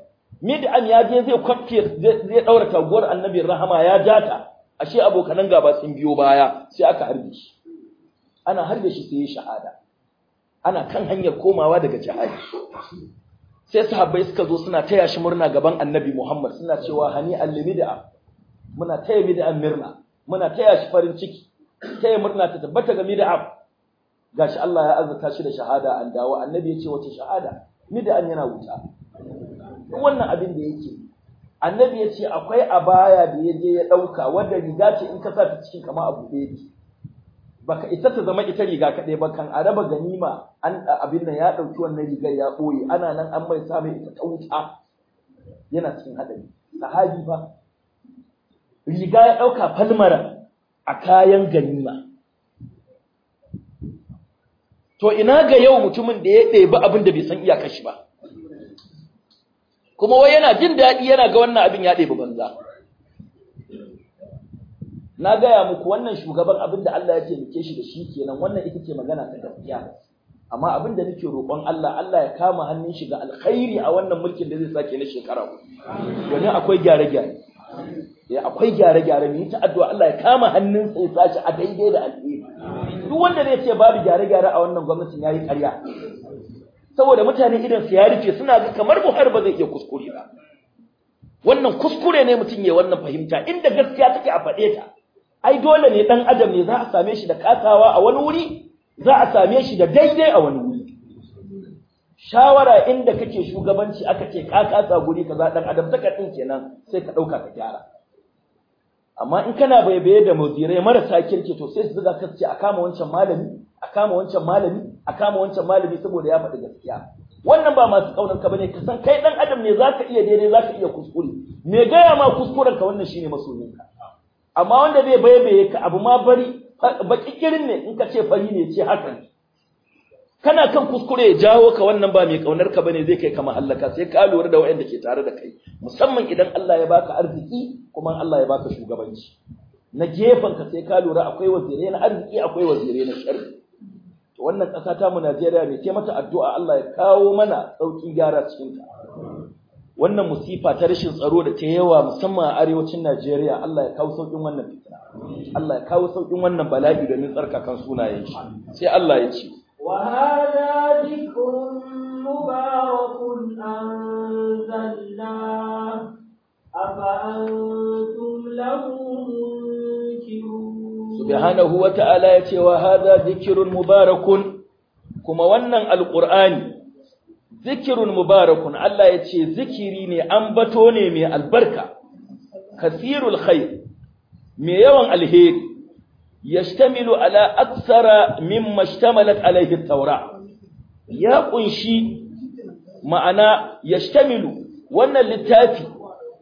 mid'an ya je zai kwace zai daura taguwar annabi rahama ya jata ashe abokanan gaba sun biyo baya sai aka harbe shi ana harbe shi sai ya shahada ana kan hanyar komawa daga jihadi sai sahabbai suka zo suna taya shi murna gaban annabi Muhammad suna cewa hani al-mid'a muna taya bid'an murna muna taya shi farin ciki taya murna ta tabbata ga bid'a gashi Allah ya azurta shi da shahada an dawo annabi ya ce wace shahada Ni da an yana wuta duk wannan abin da yake annabi ya ce akwai abaya da ya je ya ɗauka wanda riga ce in ka sa ta cikin kamar abu ɗaya ne baka ita ta zama ita riga kaɗai ba kan araba ganima an abin nan ya ɗauki wannan rigar ya ɓoye ana nan an mai sa ita ta wuta yana cikin haɗari sahabi ba riga ya ɗauka falmara a kayan ganima to ina ga yau mutumin da ya ɗebi abin da bai san iyakar shi ba kuma wai yana jin daɗi yana ga wannan abin ya ɗebi banza na gaya muku wannan shugaban abin da Allah ya taimake shi da shi kenan wannan ita ce magana ta gaskiya amma abin da nake roƙon Allah Allah ya kama hannun shi ga alkhairi a wannan mulkin da zai sake na shekara domin akwai gyare-gyare akwai gyare-gyare ne ta addu'a Allah ya kama hannun sa ya sashi a daidai da al'umma. duk wanda zai ce babu gyare-gyare a wannan gwamnatin yi karya? saboda mutane idan su ya rufe suna ga kamar Buhari ba zai iya kuskure ba wannan kuskure ne mutum ya wannan fahimta inda gaskiya take a faɗe ta ai dole ne dan adam ne za a same shi da kasawa a wani wuri za a same shi da daidai a wani wuri shawara inda kake shugabanci aka ce ka kasa guri za dan adam saka din kenan sai ka ɗauka ka gyara amma in kana baibaye da mudirai marasa kirki to sai su zuga ka ce a kama wancan malami a kama wancan malami a kama wancan malami saboda ya faɗi gaskiya wannan ba masu kaunar ka bane ka san kai dan adam ne zaka iya daidai zaka iya kuskure me gaya ma kuskuren ka wannan shine masoyin ka amma wanda bai baibaye ka abu ma bari baki kirin ne in ka ce fari ne ce haka ne kana kan kuskure ya jawo ka wannan ba mai kaunar ka bane zai kai ka mahallaka sai ka lura da waɗanda ke tare da kai musamman idan Allah ya baka arziki kuma Allah ya baka shugabanci na gefen ka sai ka lura akwai wazire na arziki akwai wazire na sharri to wannan ƙasa ta mu Najeriya mai taimaka addu'a Allah ya kawo mana sauki gyara cikin ta wannan musifa ta rashin tsaro da ta yawa musamman a arewacin Najeriya Allah ya kawo sauƙin wannan fitina Allah ya kawo saukin wannan bala'i da tsarkakan sunayen shi sai Allah ya ci. وهذا ذكر مبارك أنزلناه أفأنتم له منكرون سبحانه وتعالى يتي وهذا ذكر مبارك كما ونن القرآن ذكر مبارك الله يتي ذكريني أنبتوني من البركة كثير الخير من يوم الهيك yashtamilu ala aksara mimma ishtamalat alaihi taura ya kunshi ma'ana yashtamilu wannan littafi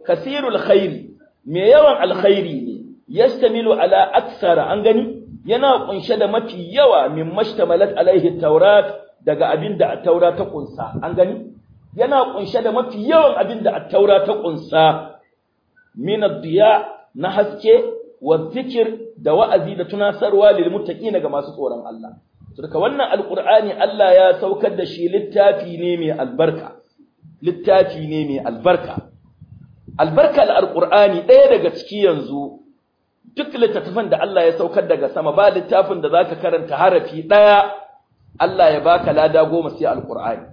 kasirul khairi mai yawan alkhairi ne yashtamilu ala aksara an gani yana kunshe da mafi yawa min mashtamalat alaihi taurat daga abinda at-taura ta kunsa an gani yana kunshe da mafi yawan ta kunsa min na haske wa zikir da wa'azi da tunasarwa lil muttaqina ga masu tsoron Allah saboda wannan alqur'ani Allah ya saukar da shi littafi ne mai albarka littafi ne mai albarka albarkar alqur'ani ɗaya daga ciki yanzu duk littattafan da Allah ya saukar daga sama ba littafin da zaka karanta harafi ɗaya Allah ya baka lada goma sai alqur'ani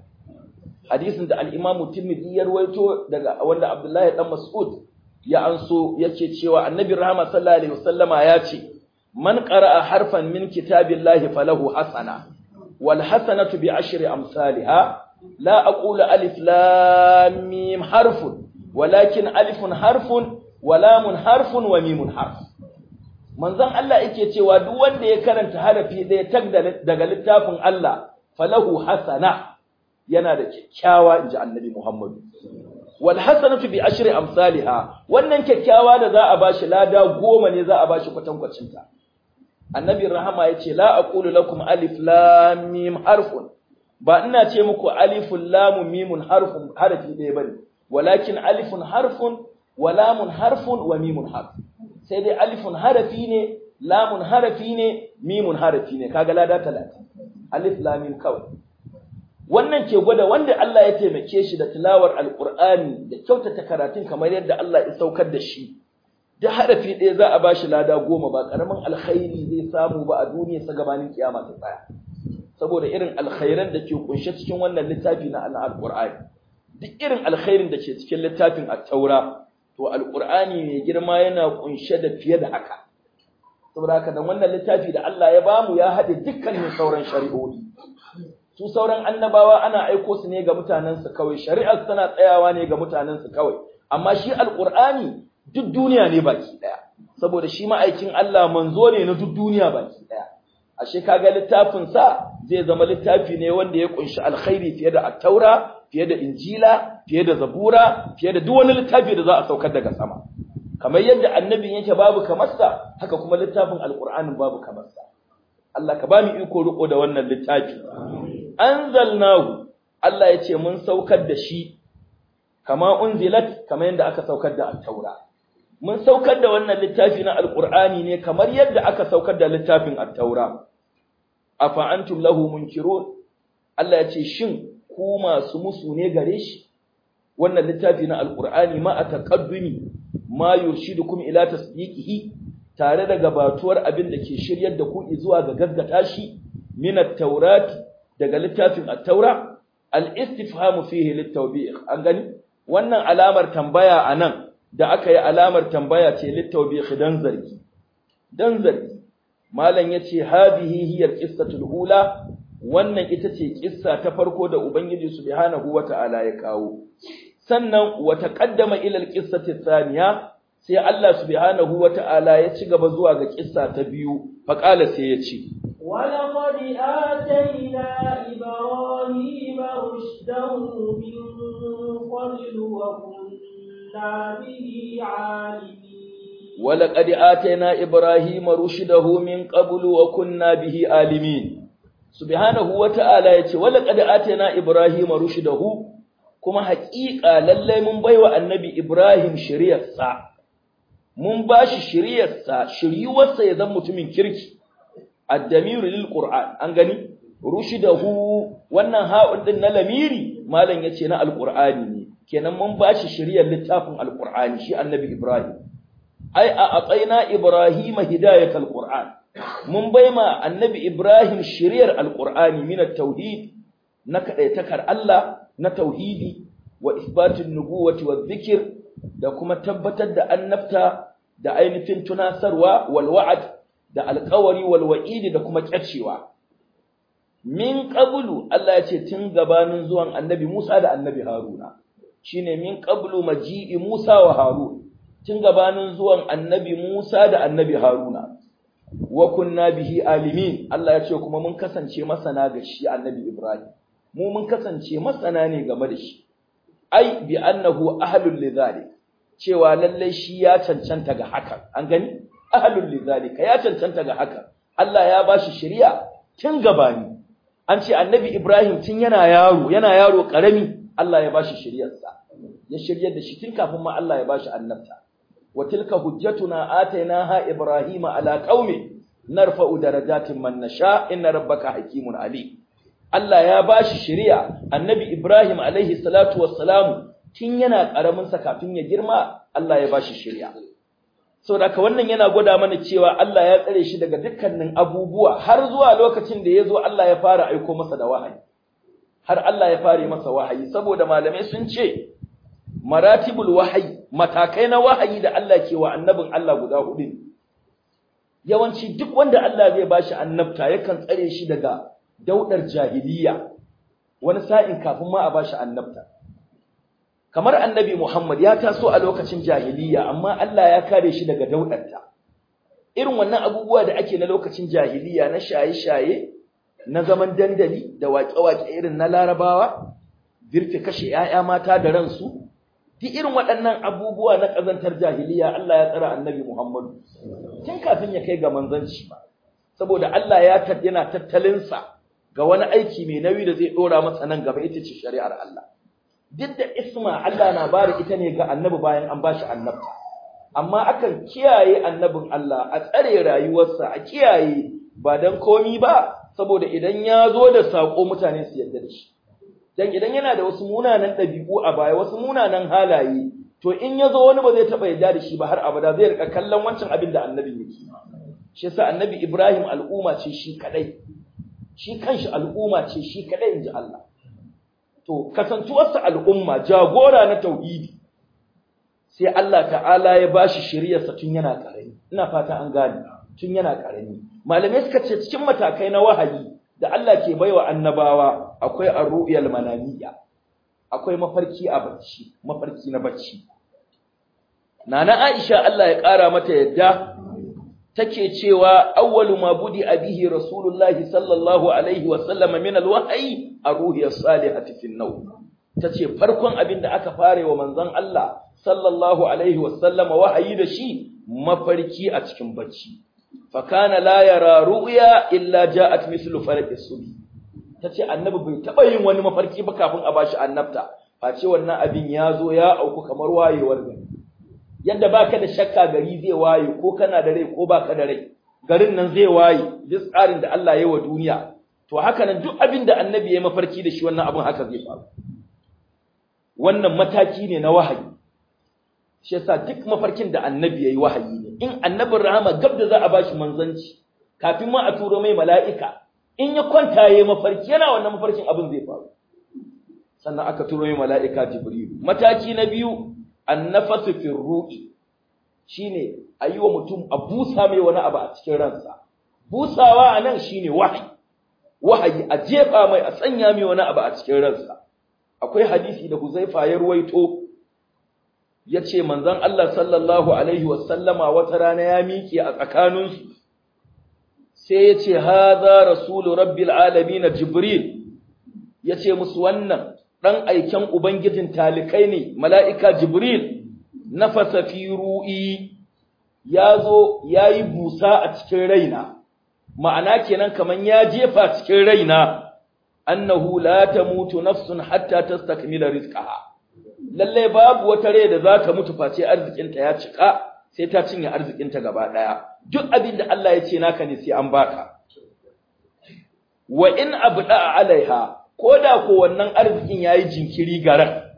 hadisin da al-Imam Tirmidhi yarwaito daga wanda Abdullahi dan Mas'ud ya anso yace cewa annabi rahama sallallahu alaihi wasallama ya ce man qara'a harfan min kitabillahi falahu hasana wal hasanatu bi ashri amsalha la aqulu alif lam mim harfun walakin alifun harfun wa lamun harfun wa mimun harf manzon Allah yake cewa duk wanda ya karanta harafi ɗaya tag daga littafin Allah falahu hasana yana da kyakkyawa inji annabi Muhammadu wal fi bi ashri amsalha wannan kyakkyawa da za a bashi lada goma ne za a bashi shi ta annabi rahama yace la aqulu lakum alif lam mim harfun ba ina ce muku alifun lamun mimun harfun harafi ɗaya bane walakin alifun harfun wa lamun harfun wa mimun harfun sai dai alifun harafi ne lamun harafi ne mimun harafi ne kaga lada 30 alif lam kawai wannan ke gwada wanda Allah ya taimake shi da tilawar alqur'ani da kyautata karatun kamar yadda Allah ya saukar da shi da harafi ɗaya za a bashi lada goma ba karamin alkhairi zai samu ba a duniya sa gabanin kiyama ta tsaya saboda irin alkhairan da ke kunshe cikin wannan littafi na alqur'ani duk irin alkhairin da ke cikin littafin a taura to Alƙur'ani mai girma yana kunshe da fiye da haka saboda haka wannan littafi da Allah ya bamu ya hade dukkanin sauran shari'o'i su sauran annabawa ana aiko su ne ga mutanensu kawai shari'ar tana tsayawa ne ga mutanensu kawai amma shi alqur'ani duk duniya ne baki daya saboda shi ma'aikin Allah manzo ne na duk duniya baki daya ashe kaga littafin sa zai zama littafi ne wanda ya kunshi alkhairi fiye da at-taura fiye da injila fiye da zabura fiye da duk wani littafi da za a saukar daga sama kamar yadda annabin yake babu kamarsa haka kuma littafin alkur'anin babu kamarsa Allah ka ba mu iko riko da wannan littafi anzalnahu Allah ya ce mun saukar da shi kama unzilat kama yadda aka saukar da at-taura mun saukar da wannan littafi na al Al-Qur'ani ne kamar yadda aka saukar da littafin at-taura afa antum lahu munkirun Allah ya ce shin ku masu musu ne gare shi wannan littafi na Al-Qur'ani ma a taqaddumi ma yurshidukum ila tasdiqihi tare da gabatuwar abin da ke shiryar da ku zuwa ga gaggata shi min at-taurat daga littafin at-taura al-istifhamu fihi lit tawbi an gani wannan alamar tambaya anan da aka yi alamar tambaya ce lit tawbi dan zargi dan zargi malam yace hadihi hiya qissatul ula wannan ita ce kissa ta farko da ubangiji subhanahu wata'ala ya kawo sannan wa taqaddama ila al-qissati thaniya sai Allah subhanahu wata'ala ya ci gaba zuwa ga kissa ta biyu fa qala sai ya ce qadi atayna ibrahima rushdahu min qablu wa kunna bihi alimin qadi atayna ibrahima rushdahu min qablu wa kunna bihi alimin subhanahu wata'ala ya ce qadi atayna ibrahima rushdahu kuma haƙiƙa lallai mun baiwa annabi ibrahim shari'arsa mun ba shi shiryarsa shiryuwarsa ya zan mutumin kirki addamiru lil qur'an an gani rushidahu wannan haɗin ɗin na lamiri malam yace na Alƙur'ani ne kenan mun ba shi shiryar littafin Alƙur'ani shi annabi ibrahim ai a atsaina ibrahima hidayatal qur'an mun baima annabi ibrahim shiryar Alƙur'ani mina tauhid na kaɗaitakar Allah na tauhidi wa isbatin nubuwati wa zikir da kuma tabbatar da annabta da ainihin tunasarwa wal wa'ad da alƙawari wal da kuma kyacewa min qablu Allah ya ce tun gabanin zuwan annabi Musa da annabi Haruna shine min qablu maji'i Musa wa Harun tun gabanin zuwan annabi Musa da annabi Haruna wa kunna bihi alimin Allah ya ce kuma mun kasance masana ga shi annabi Ibrahim mu mun kasance masana ne game da shi ai bi annahu ahlul lidhalik cewa lallai shi ya cancanta ga haka an gani ahlul lidhalika ya cancanta ga haka Allah ya bashi shari'a Kin gabani an ce annabi Ibrahim tun yana yaro yana yaro karami Allah ya bashi shari'ar sa ya shiryar da shi tun kafin ma Allah ya bashi annabta wa tilka hujjatuna atainaha ibrahima ala qaumi narfa'u darajatin man nasha inna rabbaka hakimun alim Allah ya bashi shari'a annabi Ibrahim alaihi salatu wassalamu tun yana ƙaramin sa kafin ya girma Allah ya bashi shirya saboda ka wannan yana gwada mana cewa Allah ya tsare shi daga dukkanin abubuwa har zuwa lokacin da ya zo Allah ya fara aiko masa da wahayi har Allah ya fara masa wahayi saboda malamai sun ce maratibul wahayi matakai na wahayi da Allah ke wa annabin Allah guda hudu yawanci duk wanda Allah zai bashi annabta yakan tsare shi daga daudar jahiliya wani sa'in kafin ma a bashi annabta kamar annabi Muhammad ya taso a lokacin jahiliya amma Allah ya kare shi daga daudarta irin wannan abubuwa da ake na lokacin jahiliya na shaye-shaye na zaman dandali da waƙe-waƙe irin na larabawa birke kashe 'ya'ya mata da ransu duk irin waɗannan abubuwa na ƙazantar jahiliya Allah ya tsara annabi Muhammad tun kafin ya kai ga manzanci ba saboda Allah ya tattalinsa ga wani aiki mai nauyi da zai ɗora masa nan gaba ita ce shari'ar Allah duk da isma Allah na bari ita ne ga annabi bayan an bashi annabta amma akan kiyaye annabin Allah a tsare rayuwarsa a kiyaye ba dan komi ba saboda idan ya zo da sako mutane su yarda da shi dan idan yana da wasu munanan dabi'u a baya wasu munanan halaye to in ya zo wani ba zai taba yarda da shi ba har abada zai rika kallon wancan abin da annabin yake shi yasa annabi Ibrahim al'umma ce shi kadai shi kanshi al'umma ce shi kadai inji Allah to kasantuwarsa al'umma jagora na tauhidi sai Allah ta'ala ya ba bashi shiryarsa tun yana karami ina fata an gane tun yana ƙarami. malamai suka ce cikin matakai na wahayi da Allah ke baiwa annabawa akwai ar-ru'yal manamiya akwai mafarki a bacci mafarki na bacci nana Aisha Allah ya ƙara mata yadda take cewa awwalu ma budi abihi rasulullahi sallallahu alaihi wa a min alwahyi aruhi salihati fi an tace farkon abin da aka fare wa manzon Allah sallallahu alaihi wa wahayi da shi mafarki a cikin bacci fa kana la yara ru'ya illa ja'at mislu farqi subi tace annabi bai taba yin wani mafarki ba kafin a bashi annabta ce wannan abin ya zo ya auku kamar wayewar gari yadda baka da shakka gari zai waye ko kana da rai ko baka da rai garin nan zai waye duk tsarin da Allah ya yi wa duniya to haka nan duk abin da annabi ya mafarki da shi wannan abin haka zai faru wannan mataki ne na wahayi shi yasa duk mafarkin da annabi ya yi wahayi ne in annabin rahama gab da za a bashi manzanci kafin ma a turo mai mala'ika in ya kwanta ya mafarki yana wannan mafarkin abin zai faru sannan aka turo mai mala'ika jibrilu mataki na biyu annafasu fi ruhi shine ayi wa mutum a busa mai wani abu a cikin ransa busawa anan shine wahayi wahayi a jefa mai a sanya mai wani abu a cikin ransa akwai hadisi da Huzaifa ya ruwaito yace manzon Allah sallallahu alaihi wasallama wata rana ya miƙe a tsakaninsu sai yace hadha rasulu rabbil alamin jibril yace musu wannan ɗan aiken Ubangijin talikai ne, mala'ika Jibril, na fasafi ru'i ya zo ya yi busa a cikin raina, ma'ana kenan kamar ya jefa cikin raina, annahu la ta mutu nafsun hatta ta rizqaha Lallai babu wata rai da za ta mutu face arzikinta ya cika, sai ta cinye arzikinta gaba ɗaya. Duk abin da Allah ya ce naka ne sai an baka. Wa in abu alaiha ko da ko wannan arzikin yayi jinkiri garan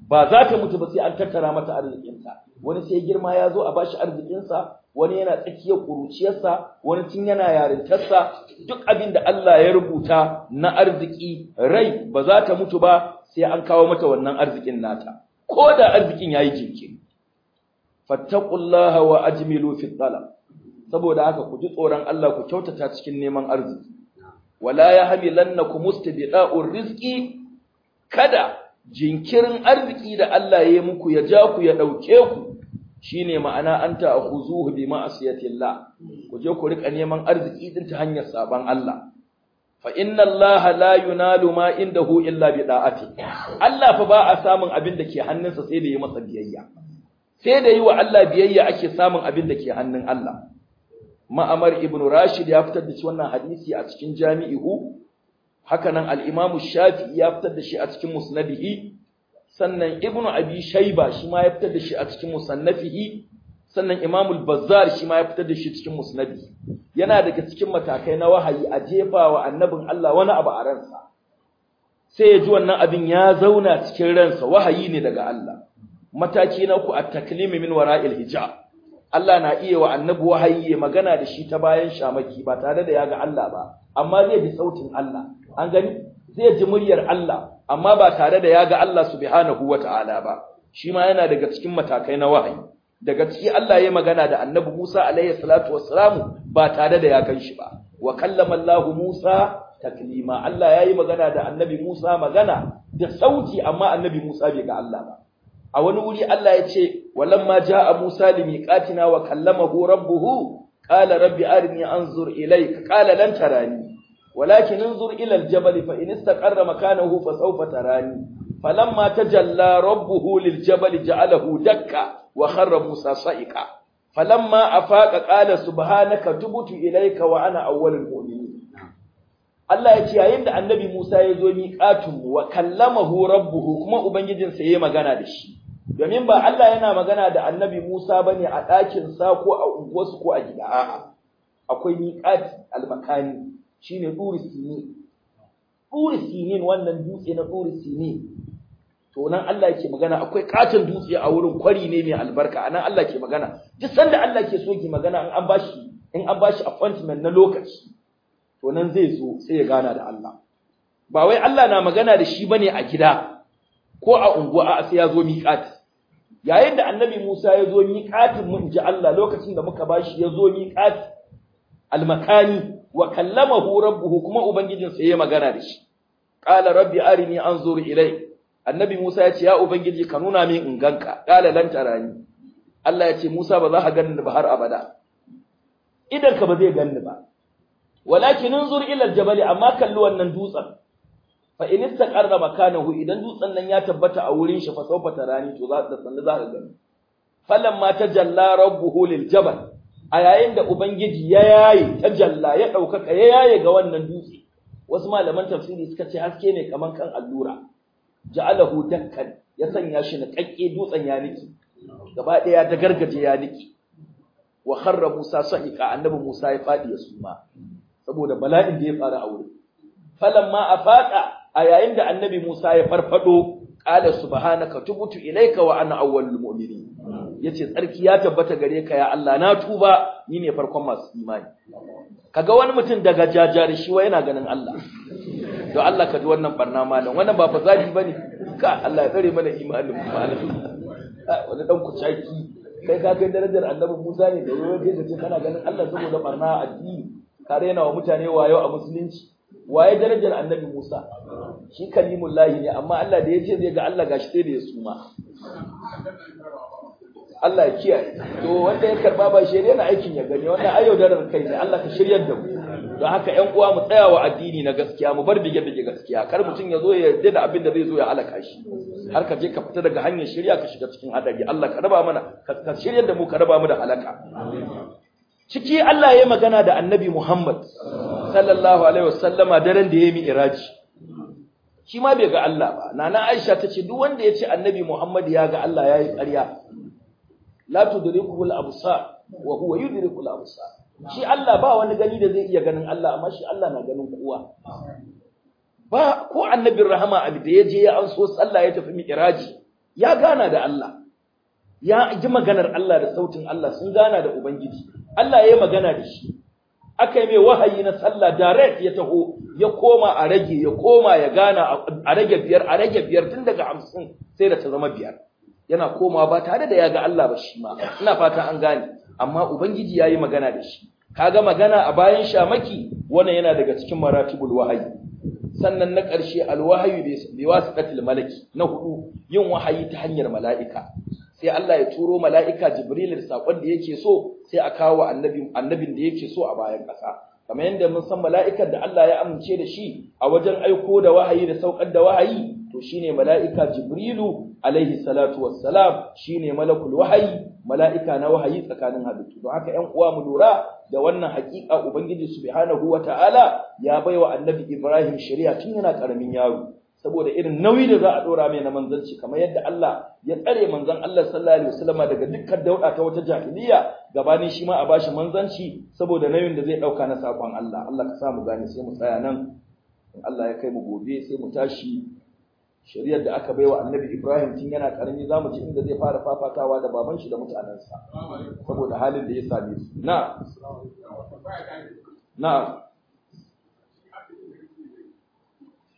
ba za ta mutu ba sai an tattara mata arzikinta wani sai girma ya zo a ba bashi arzikinsa wani yana tsakiyar kuruciyarsa wani tun yana yarintarsa duk abin da Allah ya rubuta na arziki rai ba za ta mutu ba sai an kawo mata wannan arzikin nata ko da arzikin yayi jinkiri fattaqullaha wa ajmilu fi talab saboda haka ku ji tsoron Allah ku kyautata cikin neman arziki wala ya yahmilannakum istibda'ur Rizki. kada jinkirin arziki da Allah ya yi muku ya ja ku ya ɗauke ku shine ma'ana anta akhuzuhu bi ma'siyatillah ku je ku rika neman arziki din ta hanyar saban Allah fa inna Allah la yunalu ma indahu illa bi da'ati Allah fa ba a samun abin da ke hannunsa sai da yi masa biyayya sai da yi wa Allah biyayya ake samun abin da ke hannun Allah ma'amar ibn rashid ya fitar da shi wannan hadisi a cikin jami'ihu hakanan al-imam shafi'i ya fitar da shi a cikin musnadihi sannan ibn abi shayba shi ma ya fitar da shi a cikin musannafihi sannan imam al-bazzar shi ma ya fitar da shi cikin musnadi yana daga cikin matakai na wahayi a jefa wa annabin Allah wani abu a ransa sai ya ji wannan abin ya zauna cikin ransa wahayi ne daga Allah mataki na uku at-taklimi min wara'il hijab Allah na iya wa annabi wahayi ya magana da shi ta bayan shamaki ba tare da ya ga Allah ba amma zai ji sautin Allah an gani zai ji muryar Allah amma ba tare da ya ga Allah subhanahu wata'ala ba shi ma yana daga cikin matakai na wahayi daga ciki Allah ya magana da annabi Musa alaihi salatu wassalam ba tare da ya kan shi ba wa kallama Allah Musa taklima Allah yayi magana da annabi Musa magana da sauti amma annabi Musa bai ga Allah ba a wani wuri Allah ya ce ja a Musa limiqatina wa kallamahu rabbuhu Ƙala rabbi arini anzur ilayka ƙala lan tarani walakin anzur ilal jabali, fa in istaqarra makanahu fa sawfa tarani falamma tajalla rabbuhu liljabali alahu, dakka wa kharra Musa ma a faƙa ƙala subhanaka tubutu ilaika wa ana awwalul mu'minin Allah ya ce yayin da annabi Musa ya zo miƙatu wa kallamahu rabbuhu kuma ubangijinsa yayi magana da shi domin ba Allah yana magana da annabi Musa bane a ɗakin sa ko a unguwarsu ko a gida a'a akwai miƙati al-makani shine duri sini duri sinin wannan dutse na duri sini to nan Allah yake magana akwai katin dutse a wurin kwari ne mai albarka anan Allah ke magana duk sanda Allah ke so ki magana in an bashi in an bashi appointment na lokaci to nan zai zo sai ya gana da Allah ba wai Allah na magana da shi bane a gida ko a unguwa a sai ya zo miƙati yayin da annabi Musa ya zo miƙatin mu ji Allah lokacin da muka bashi ya zo miƙati almakani wa kallamahu rabbuhu kuma ubangijinsa ya magana da shi qala rabbi arini anzur ilayk annabi Musa ya ce ya ubangiji ka nuna min in ganka qala lan tarani Allah ya ce Musa ba za ka ganni ba har abada idan ka ba zai ganni ba walakin anzur ila aljabal amma kalli wannan dutsen fa in istaqarra makanahu idan dutsen nan ya tabbata a wurin shi fa sawfa tarani to za da sanna za ka gani falamma tajalla rabbuhu lil jabal a yayin da ubangiji ya yaye tajalla ya daukaka ya yaye ga wannan dutse wasu malaman tafsiri suka ce haske ne kaman kan allura ja'alahu dakkan ya sanya shi na kakke dutsen ya niki gaba ɗaya da gargaje ya niki wa kharra musa sahiqa annabi musa ya fadi ya suma saboda bala'in da ya faru a wurin falamma afaqa a yayin da annabi Musa ya farfado qala subhanaka tubtu ilayka wa ana awwalul mu'minin yace tsarki ya tabbata gare ka ya Allah na tuba ni ne farkon masu imani kaga wani mutum daga jajari shi wa yana ganin Allah don Allah ka ji wannan barna malam wannan ba fasadi bane ka Allah ya tsare mana imanin malam wani dan kucaki kai ka kai darajar annabi Musa ne da yau yake ce kana ganin Allah saboda barna addini ka rena wa mutane wayo a musulunci waye darajar annabi Musa shi kalimullahi ne amma Allah da yace zai ga Allah gashi sai da ya suma Allah ya kiyaye to wanda ya karba ba shi na aikin ya gani wannan ayo darar kai ne Allah ka shiryar da mu don haka ƴan uwa mu tsaya wa addini na gaskiya mu bar bige bige gaskiya kar mutum ya zo ya yarda da abin da zai zo ya alaka shi har ka je ka fita daga hanyar shirya ka shiga cikin hadari Allah ka raba mana ka shiryar da mu ka raba mu da amin ciki Allah ya magana da annabi Muhammad sallallahu alaihi wasallama daren da ya yi mi'raji shi ma bai ga Allah ba nana Aisha ta ce duk wanda ya ce annabi Muhammad ya ga Allah yayi ƙarya la tudrikul absar wa huwa yudrikul abusa? shi Allah ba wani gani da zai iya ganin Allah amma shi Allah na ganin kowa ba ko annabin rahama abu da ya je ya an so sallah ya tafi iraji ya gana da Allah ya ji maganar Allah da sautin Allah sun gana da ubangiji Allah ya yi magana da shi aka yi mai wahayi na sallah direct ya taho ya koma a rage ya koma ya gana a rage biyar a rage biyar tun daga hamsin sai da ta zama biyar yana koma ba tare da ya ga Allah ba shi ma ina fata an gane amma ubangiji ya yi magana da shi kaga magana a bayan shamaki wannan yana daga cikin maratibul wahayi sannan na ƙarshe alwahayu wasu ƙatil malaki na hudu yin wahayi ta hanyar mala'ika sai Allah ya turo mala'ika Jibril da sakon da yake so sai a kawo annabin annabin da yake so a bayan ƙasa kamar yadda mun san mala'ikan da Allah ya amince da shi a wajen aiko da wahayi da saukar da wahayi to shine mala'ika Jibrilu alaihi salatu wassalam shine malakul wahayi mala'ika na wahayi tsakanin halittu don haka ‘yan uwa mu lura da wannan haƙiƙa Ubangiji subhanahu wa ta'ala ya baiwa annabi Ibrahim shari'a tun yana ƙaramin yaro saboda irin nauyi da za a dora mai na manzanci kamar yadda Allah ya tsare manzan Allah sallallahu alaihi wasallama daga dukkan dauda ta wata jahiliya gabanin shi ma a bashi manzanci saboda nauyin da zai dauka na sakon Allah Allah ka sa mu gane sai mu tsaya nan in Allah ya kai mu gobe sai mu tashi shari'ar da aka baiwa annabi Ibrahim tun yana karami zamu mu ji inda zai fara fafatawa da baban shi da mutanensa saboda halin da ya same su na na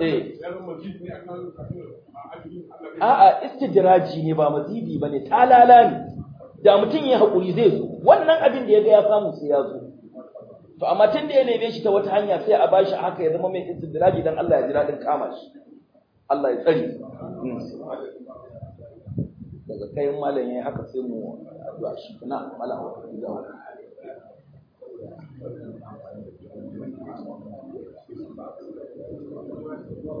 Eh. A'a istijiraji ne ba mazidi ba ne, talala ne, da mutum ya hakuri zai zo, wannan abin da ya ga ya samu sai ya zo. To, amma tun da ya neme shi ta wata hanya sai a ba shi haka ya zama mai istijiraji don Allah ya jira daɗin kama shi. Allah ya tsare. Hmm. Daga kayan malam ya haka sai mu addu'a shi, na malam wa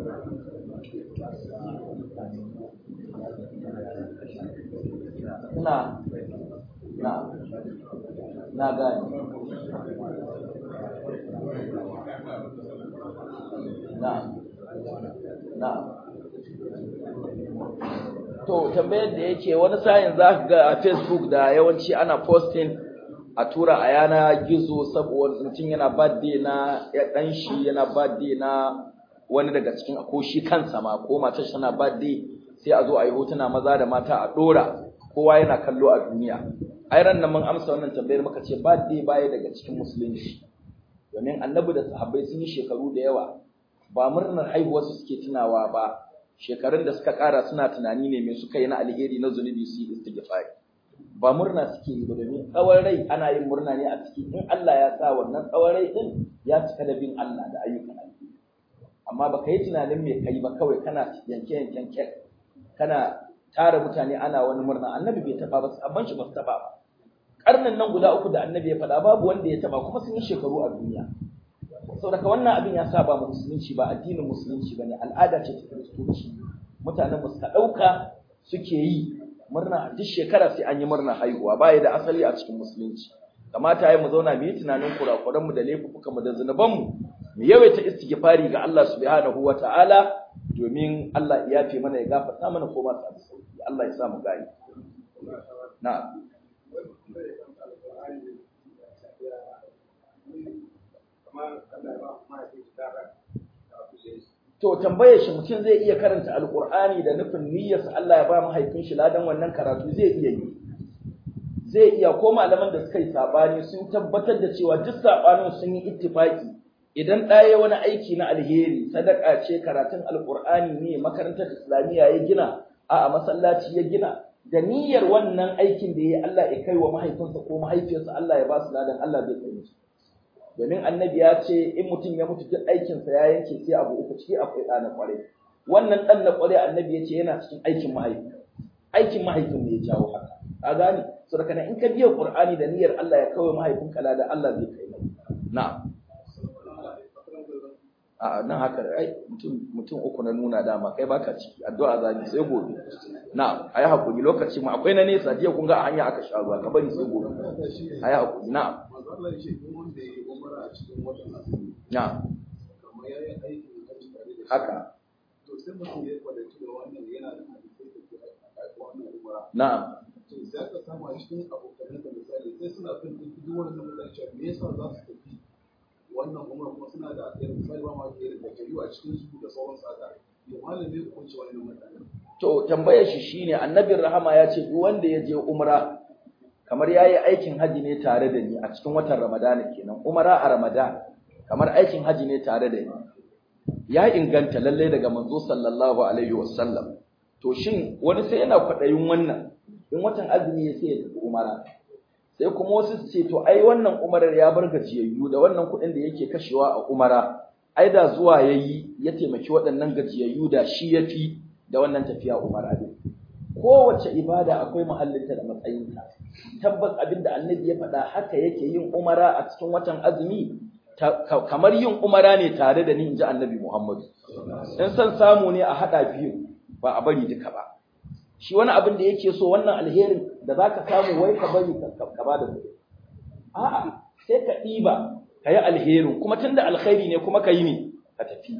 na na na gani na na to tambayar da yake wani sayin za ka ga a facebook da yawanci ana posting a tura a yana gizo saboda mutum yana birthday na ya ɗanshi yana birthday na wani daga cikin ko shi kansa ma ko matar tana birthday sai a zo a yi hotuna maza da mata a dora kowa yana kallo a duniya ai ran nan mun amsa wannan tambayar muka ce birthday baya daga cikin musulunci domin annabi da sahabbai sun yi shekaru da yawa ba murnar haihuwar su suke tunawa ba shekarun da suka kara suna tunani ne me suka yi na alheri na zunubi su istighfar ba murna suke yi ba domin tsawon rai ana yin murna ne a ciki in Allah ya sa wannan tsawon rai din ya cika da bin Allah da ayyukan Allah amma ka yi tunanin mai kai ba kawai kana yanke yanken kek kana tara mutane ana wani murna annabi bai taba ba sabban shi ba su taba ba karnan nan guda uku da annabi ya faɗa babu wanda ya taba kuma sun yi shekaru a duniya saboda wannan abin ya saba mu musulunci ba addinin musulunci ne. al'ada ce ta kiristoci mutanen ka ɗauka suke yi murna a duk shekara sai an yi murna haihuwa baya da asali a cikin musulunci kamata ya mu zauna mu yi tunanin kurakuran mu da laifuka mu da zunubanmu. mu yawaita istighfari ga Allah subhanahu wataala domin Allah ya yafe mana ya gafarta mana ko ma sauki Allah ya samu gani na To tambaye shi mutum zai iya karanta Alƙur'ani da nufin niyyarsa Allah ya ba mahaifin shi ladan wannan karatu zai iya yi. Zai iya ko malaman da suka yi saɓani, sun tabbatar da cewa duk saɓanin sun yi ittifaki idan ɗaya wani aiki na alheri sadaka ce karatun alkur'ani ne makarantar islamiyya ya gina a masallaci ya gina da niyyar wannan aikin da ya Allah ya kai wa mahaifinsa ko mahaifiyarsa Allah ya ba su ladan Allah zai kai musu domin annabi ya ce in mutum ya mutu duk aikinsa ya yanke sai abu uku ciki akwai ɗa na wannan ɗan na ƙwarai annabi ya ce yana cikin aikin mahaifi aikin mahaifin ne ya jawo haka a gane saboda in ka biya qur'ani da niyyar Allah ya kawo mahaifinka ladan Allah zai kai maka na'am a nan haka ai mutum mutum uku na nuna dama kai baka ciki addu'a za ni sai gobe Na. ayi hakuri lokaci mu akwai na nesa jiya kun ga a hanya aka sha ruwa ka bari sai gobe ayi hakuri haka Na. me yasa za wannan umar kuma suna da irin misali ba ma ke da a cikin su da sauran sada to malami zai kunce wannan mutanen to tambayar shi shine annabin rahama ya ce duk wanda ya je umra kamar yayi aikin haji ne tare da ni a cikin watan ramadana kenan umra a ramadan kamar aikin haji ne tare da ni ya inganta lalle daga manzo sallallahu alaihi wasallam to shin wani sai yana kwadayin wannan in watan azumi ya sai ya tafi umara sai kuma wasu su ce to ai wannan umarar ya bar gajiyayyu da wannan kuɗin da yake kashewa a umara ai da zuwa yayi ya taimaki waɗannan gajiyayyu da shi ya fi da wannan tafiya umara din kowace ibada akwai muhallinta da matsayinta tabbas abin da annabi ya faɗa haka yake yin umara a cikin watan azumi kamar yin umara ne tare da ni in ji annabi muhammadu in san samu ne a haɗa biyu ba a bari duka ba shi wani abin da yake so wannan alherin da za ka samu wai ka bari ka ba da kuɗi a'a sai ka ɗiba ka yi alherin kuma tun da alkhairi ne kuma ka yi ne ka tafi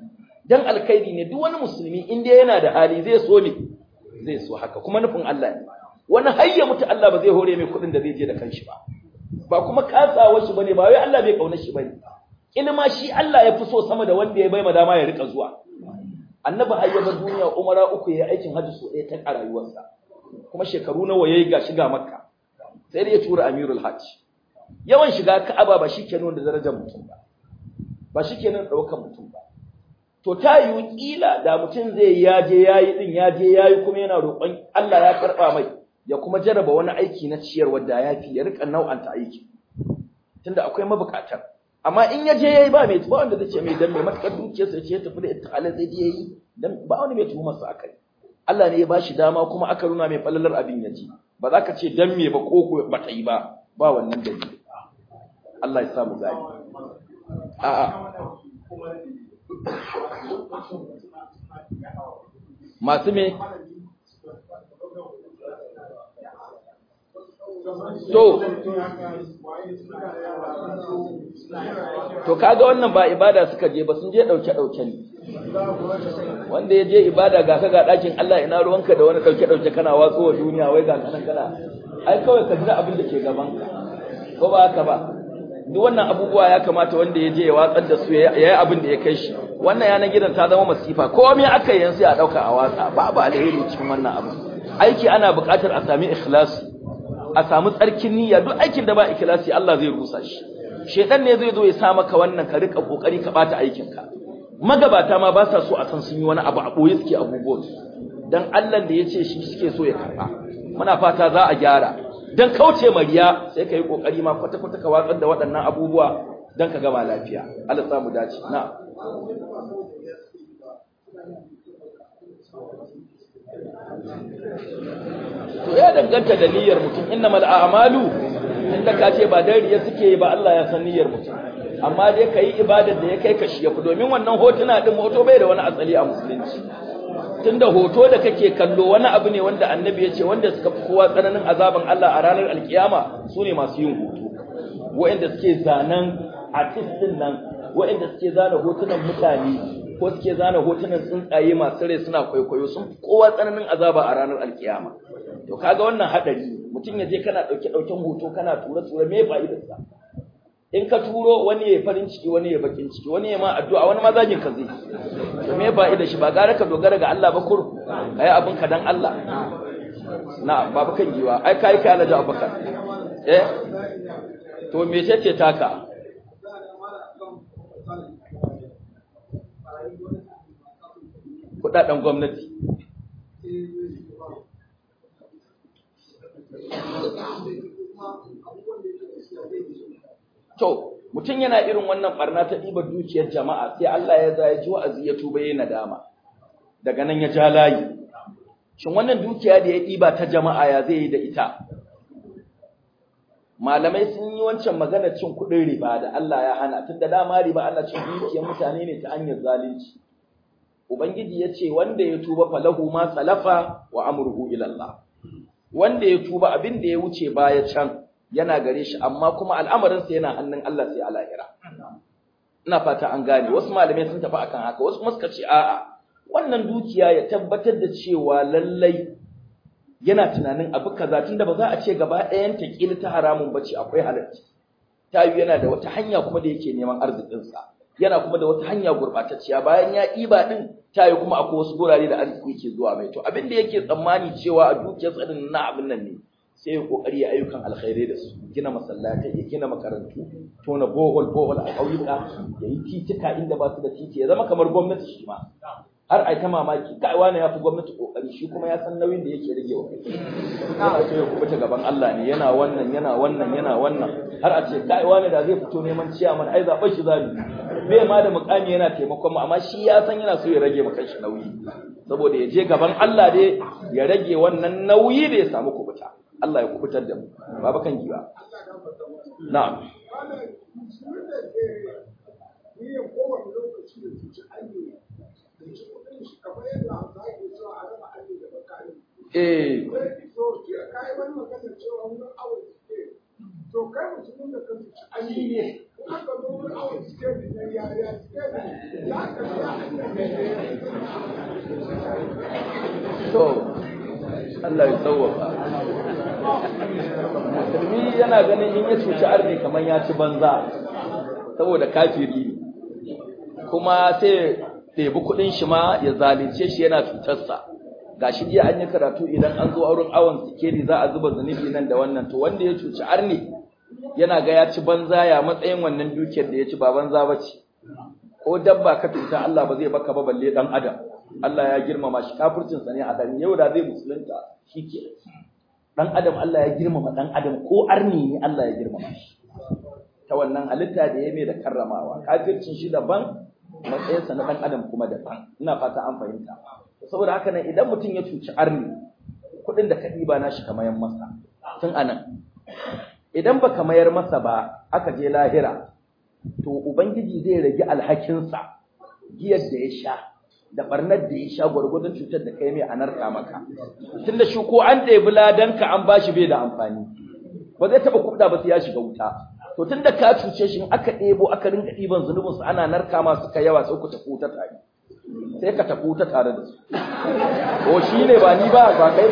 dan alkhairi ne duk wani musulmi in dai yana da hali zai so ne zai so haka kuma nufin Allah ne wani hayya mutu Allah ba zai hore mai kuɗin da zai je da kanshi ba ba kuma kasawa shi bane ba wai Allah bai kauna shi ne? ilma shi Allah ya fi so sama da wanda ya bai ma dama ya riƙa zuwa annabi hayya ba duniya umara uku ya yi aikin hajji so ɗaya ta a rayuwarsa kuma shekaru nawa yayi ga shiga makka sai da ya tura amirul hajj yawan shiga ka'aba ba shikenan wanda darajar mutum ba ba shikenan kenan ɗaukar mutum ba to ta yiwu ƙila da mutum zai yaje yayi din yaje yayi kuma yana roƙon Allah ya karba mai ya kuma jaraba wani aiki na ciyarwa da ya ya rika nau'anta aiki tunda akwai mabukatar amma in ya je yayi ba mai ba wanda zai ce mai dan mai matakar dukiyarsa sai ce ya tafi da ita halin zai yi dan ba wani mai tuhumar sa akai Allah ne ya bashi dama kuma aka runa mai fallalar abin ya ji ba za ka ce dan me ba ko ba ta yi ba ba wannan dalili Allah ya samu gani a'a masu me To, to kaga wannan ba ibada suka je ba sun je ɗauke-ɗauke ne. wanda ya je ibada ga ga ɗakin Allah ina ruwanka da wani ɗauke ɗauke kana watsu wa duniya wai ga kanan kana ai kawai ka jira abin da ke gaban ka ko ba haka ba duk wannan abubuwa ya kamata wanda ya je ya watsar da su ya yi abin da ya kai shi wannan yanar gidan ta zama masifa Ko me aka yi sai a ɗauka a watsa babu alheri cikin wannan abin aiki ana buƙatar a sami ikhlasi a samu tsarkin niyya duk aikin da ba ikhlasi Allah zai rusa shi shedan ne zai zo ya sa maka wannan ka rika kokari ka bata aikin ka magabata ma ba sa so a san sun yi wani abu a ɓoye suke abubuwan dan Allah da ya ce shi suke so ya karɓa muna fata za a gyara dan kauce mariya sai ka yi ƙoƙari ma kwata-kwata ka watsar da waɗannan abubuwa dan ka gama lafiya Allah samu dace na to ya danganta da niyyar mutum innamal a'malu inda ka ce ba dariya suke ba Allah ya san niyyar mutum amma dai ka yi ibadar da ya kai ka shi yafi domin wannan hotuna din hoto bai da wani asali a musulunci tunda hoto da kake kallo wani abu ne wanda annabi ya ce wanda suka fi kowa tsananin azaban Allah a ranar alkiyama su ne masu yin hoto wa'anda suke zanen artistin nan wa'anda suke zana hotunan mutane ko suke zana hotunan tsuntsaye masu rai suna kwaikwayo sun fi kowa tsananin azaba a ranar alkiyama to kaga wannan hadari mutum ya je kana ɗauke-ɗauken hoto kana tura tura me fa'idarsa in ka turo wani ya farin ciki wani ya bakin ciki wani ya ma addu'a wani ma zagin ka zai to me ba ida shi ba gara ka dogara ga Allah ba kur ayi abin ka dan Allah na babu kan giwa ai kai kai da Abubakar eh to me ce ce taka kudaden gwamnati Thank you. To, mutum yana irin wannan barna ta ɗibar dukiyar jama'a sai Allah ya zai ji wa'azi ya tuba yana dama Daga nan ya ja layi. Shin wannan dukiya da ya ɗiba ta jama'a ya zai yi da ita? Malamai sun yi wancan magana cin kuɗin riba da Allah ya hana, da dama riba ana cin dukiyar mutane ne ta hanyar zalunci. Ubangiji ya ce wanda ya tuba falahu ma salafa wa amurhu ilallah. Wanda ya tuba abin da ya wuce baya can, yana gare shi amma kuma al'amarinsa yana hannun Allah sai a lahira ina fata an gane wasu malamai sun tafi akan haka wasu kuma suka ce a'a wannan dukiya ya tabbatar da cewa lallai yana tunanin abu kaza tunda ba za a ce gaba ɗayan ta kila ta haramun bace akwai halarci ta yi yana da wata hanya kuma da yake neman arzikinsa yana kuma da wata hanya gurbatacciya bayan ya ɗiba ɗin ta yi kuma akwai wasu gurare da arziki ke zuwa mai to abin da yake tsammani cewa a dukiyar tsarin na abin nan ne sai ya kokari ya ayyukan alkhairai da su gina masallatai ya gina makarantu tona bohol bohol a ƙauyuka ya yi titika inda ba su da titi ya zama kamar gwamnati shi ma har ai ta mamaki kai wani ya fi gwamnati kokari shi kuma ya san nauyin da yake rage wa kai sai ya kubuta gaban Allah ne yana wannan yana wannan yana wannan har a ce kai wani da zai fito neman ciyaman ai zaɓar shi zabi bai ma da mukami yana taimakon mu amma shi ya san yana so ya rage maka shi nauyi saboda ya je gaban Allah dai ya rage wannan nauyi da ya samu kubuta Allah ya kubutar da mu baba kan giwa na'am to da a Allah ya tsawaka musulmi yana ganin in ya cuci arni kamar ya ci banza saboda kafiri ne kuma sai ɗebi kuɗin shi ma ya zalunce shi yana cutarsa gashi jiya an yi karatu idan an zo auren awon sikeri za a zuba zunubi nan da wannan to wanda ya cuci arni yana ga ya ci banza ya matsayin wannan dukiyar da ya ci ba banza ba ce ko dabba ka cuta Allah ba zai baka ba balle dan adam Allah ya girmama shi kafircin sa ne dan yau da zai musulunta ke dan adam Allah ya girmama dan adam ko arni ne Allah ya girmama shi ta wannan halitta da ya mai da karramawa kafircin shi daban matsayinsa na dan adam kuma daban ina fata an fahimta saboda haka nan idan mutum ya cuci arni kuɗin da ka ɗiba na shi ka mayar masa tun anan idan baka mayar masa ba aka je lahira to ubangiji zai rage alhakinsa giyar da ya sha da barnar da ya sha gwargwadon cutar da kai mai a narka maka tunda shi ko an ɗebi ladanka an bashi bai da amfani ba zai taɓa kuɗa ba sai ya shiga wuta to tunda ka cuce shi aka ɗebo aka rinka ɗiban zunubin su ana narka ma suka yawa sai ku tafi wuta tare sai ka tafi wuta tare da su ko shi ba ni ba ba kai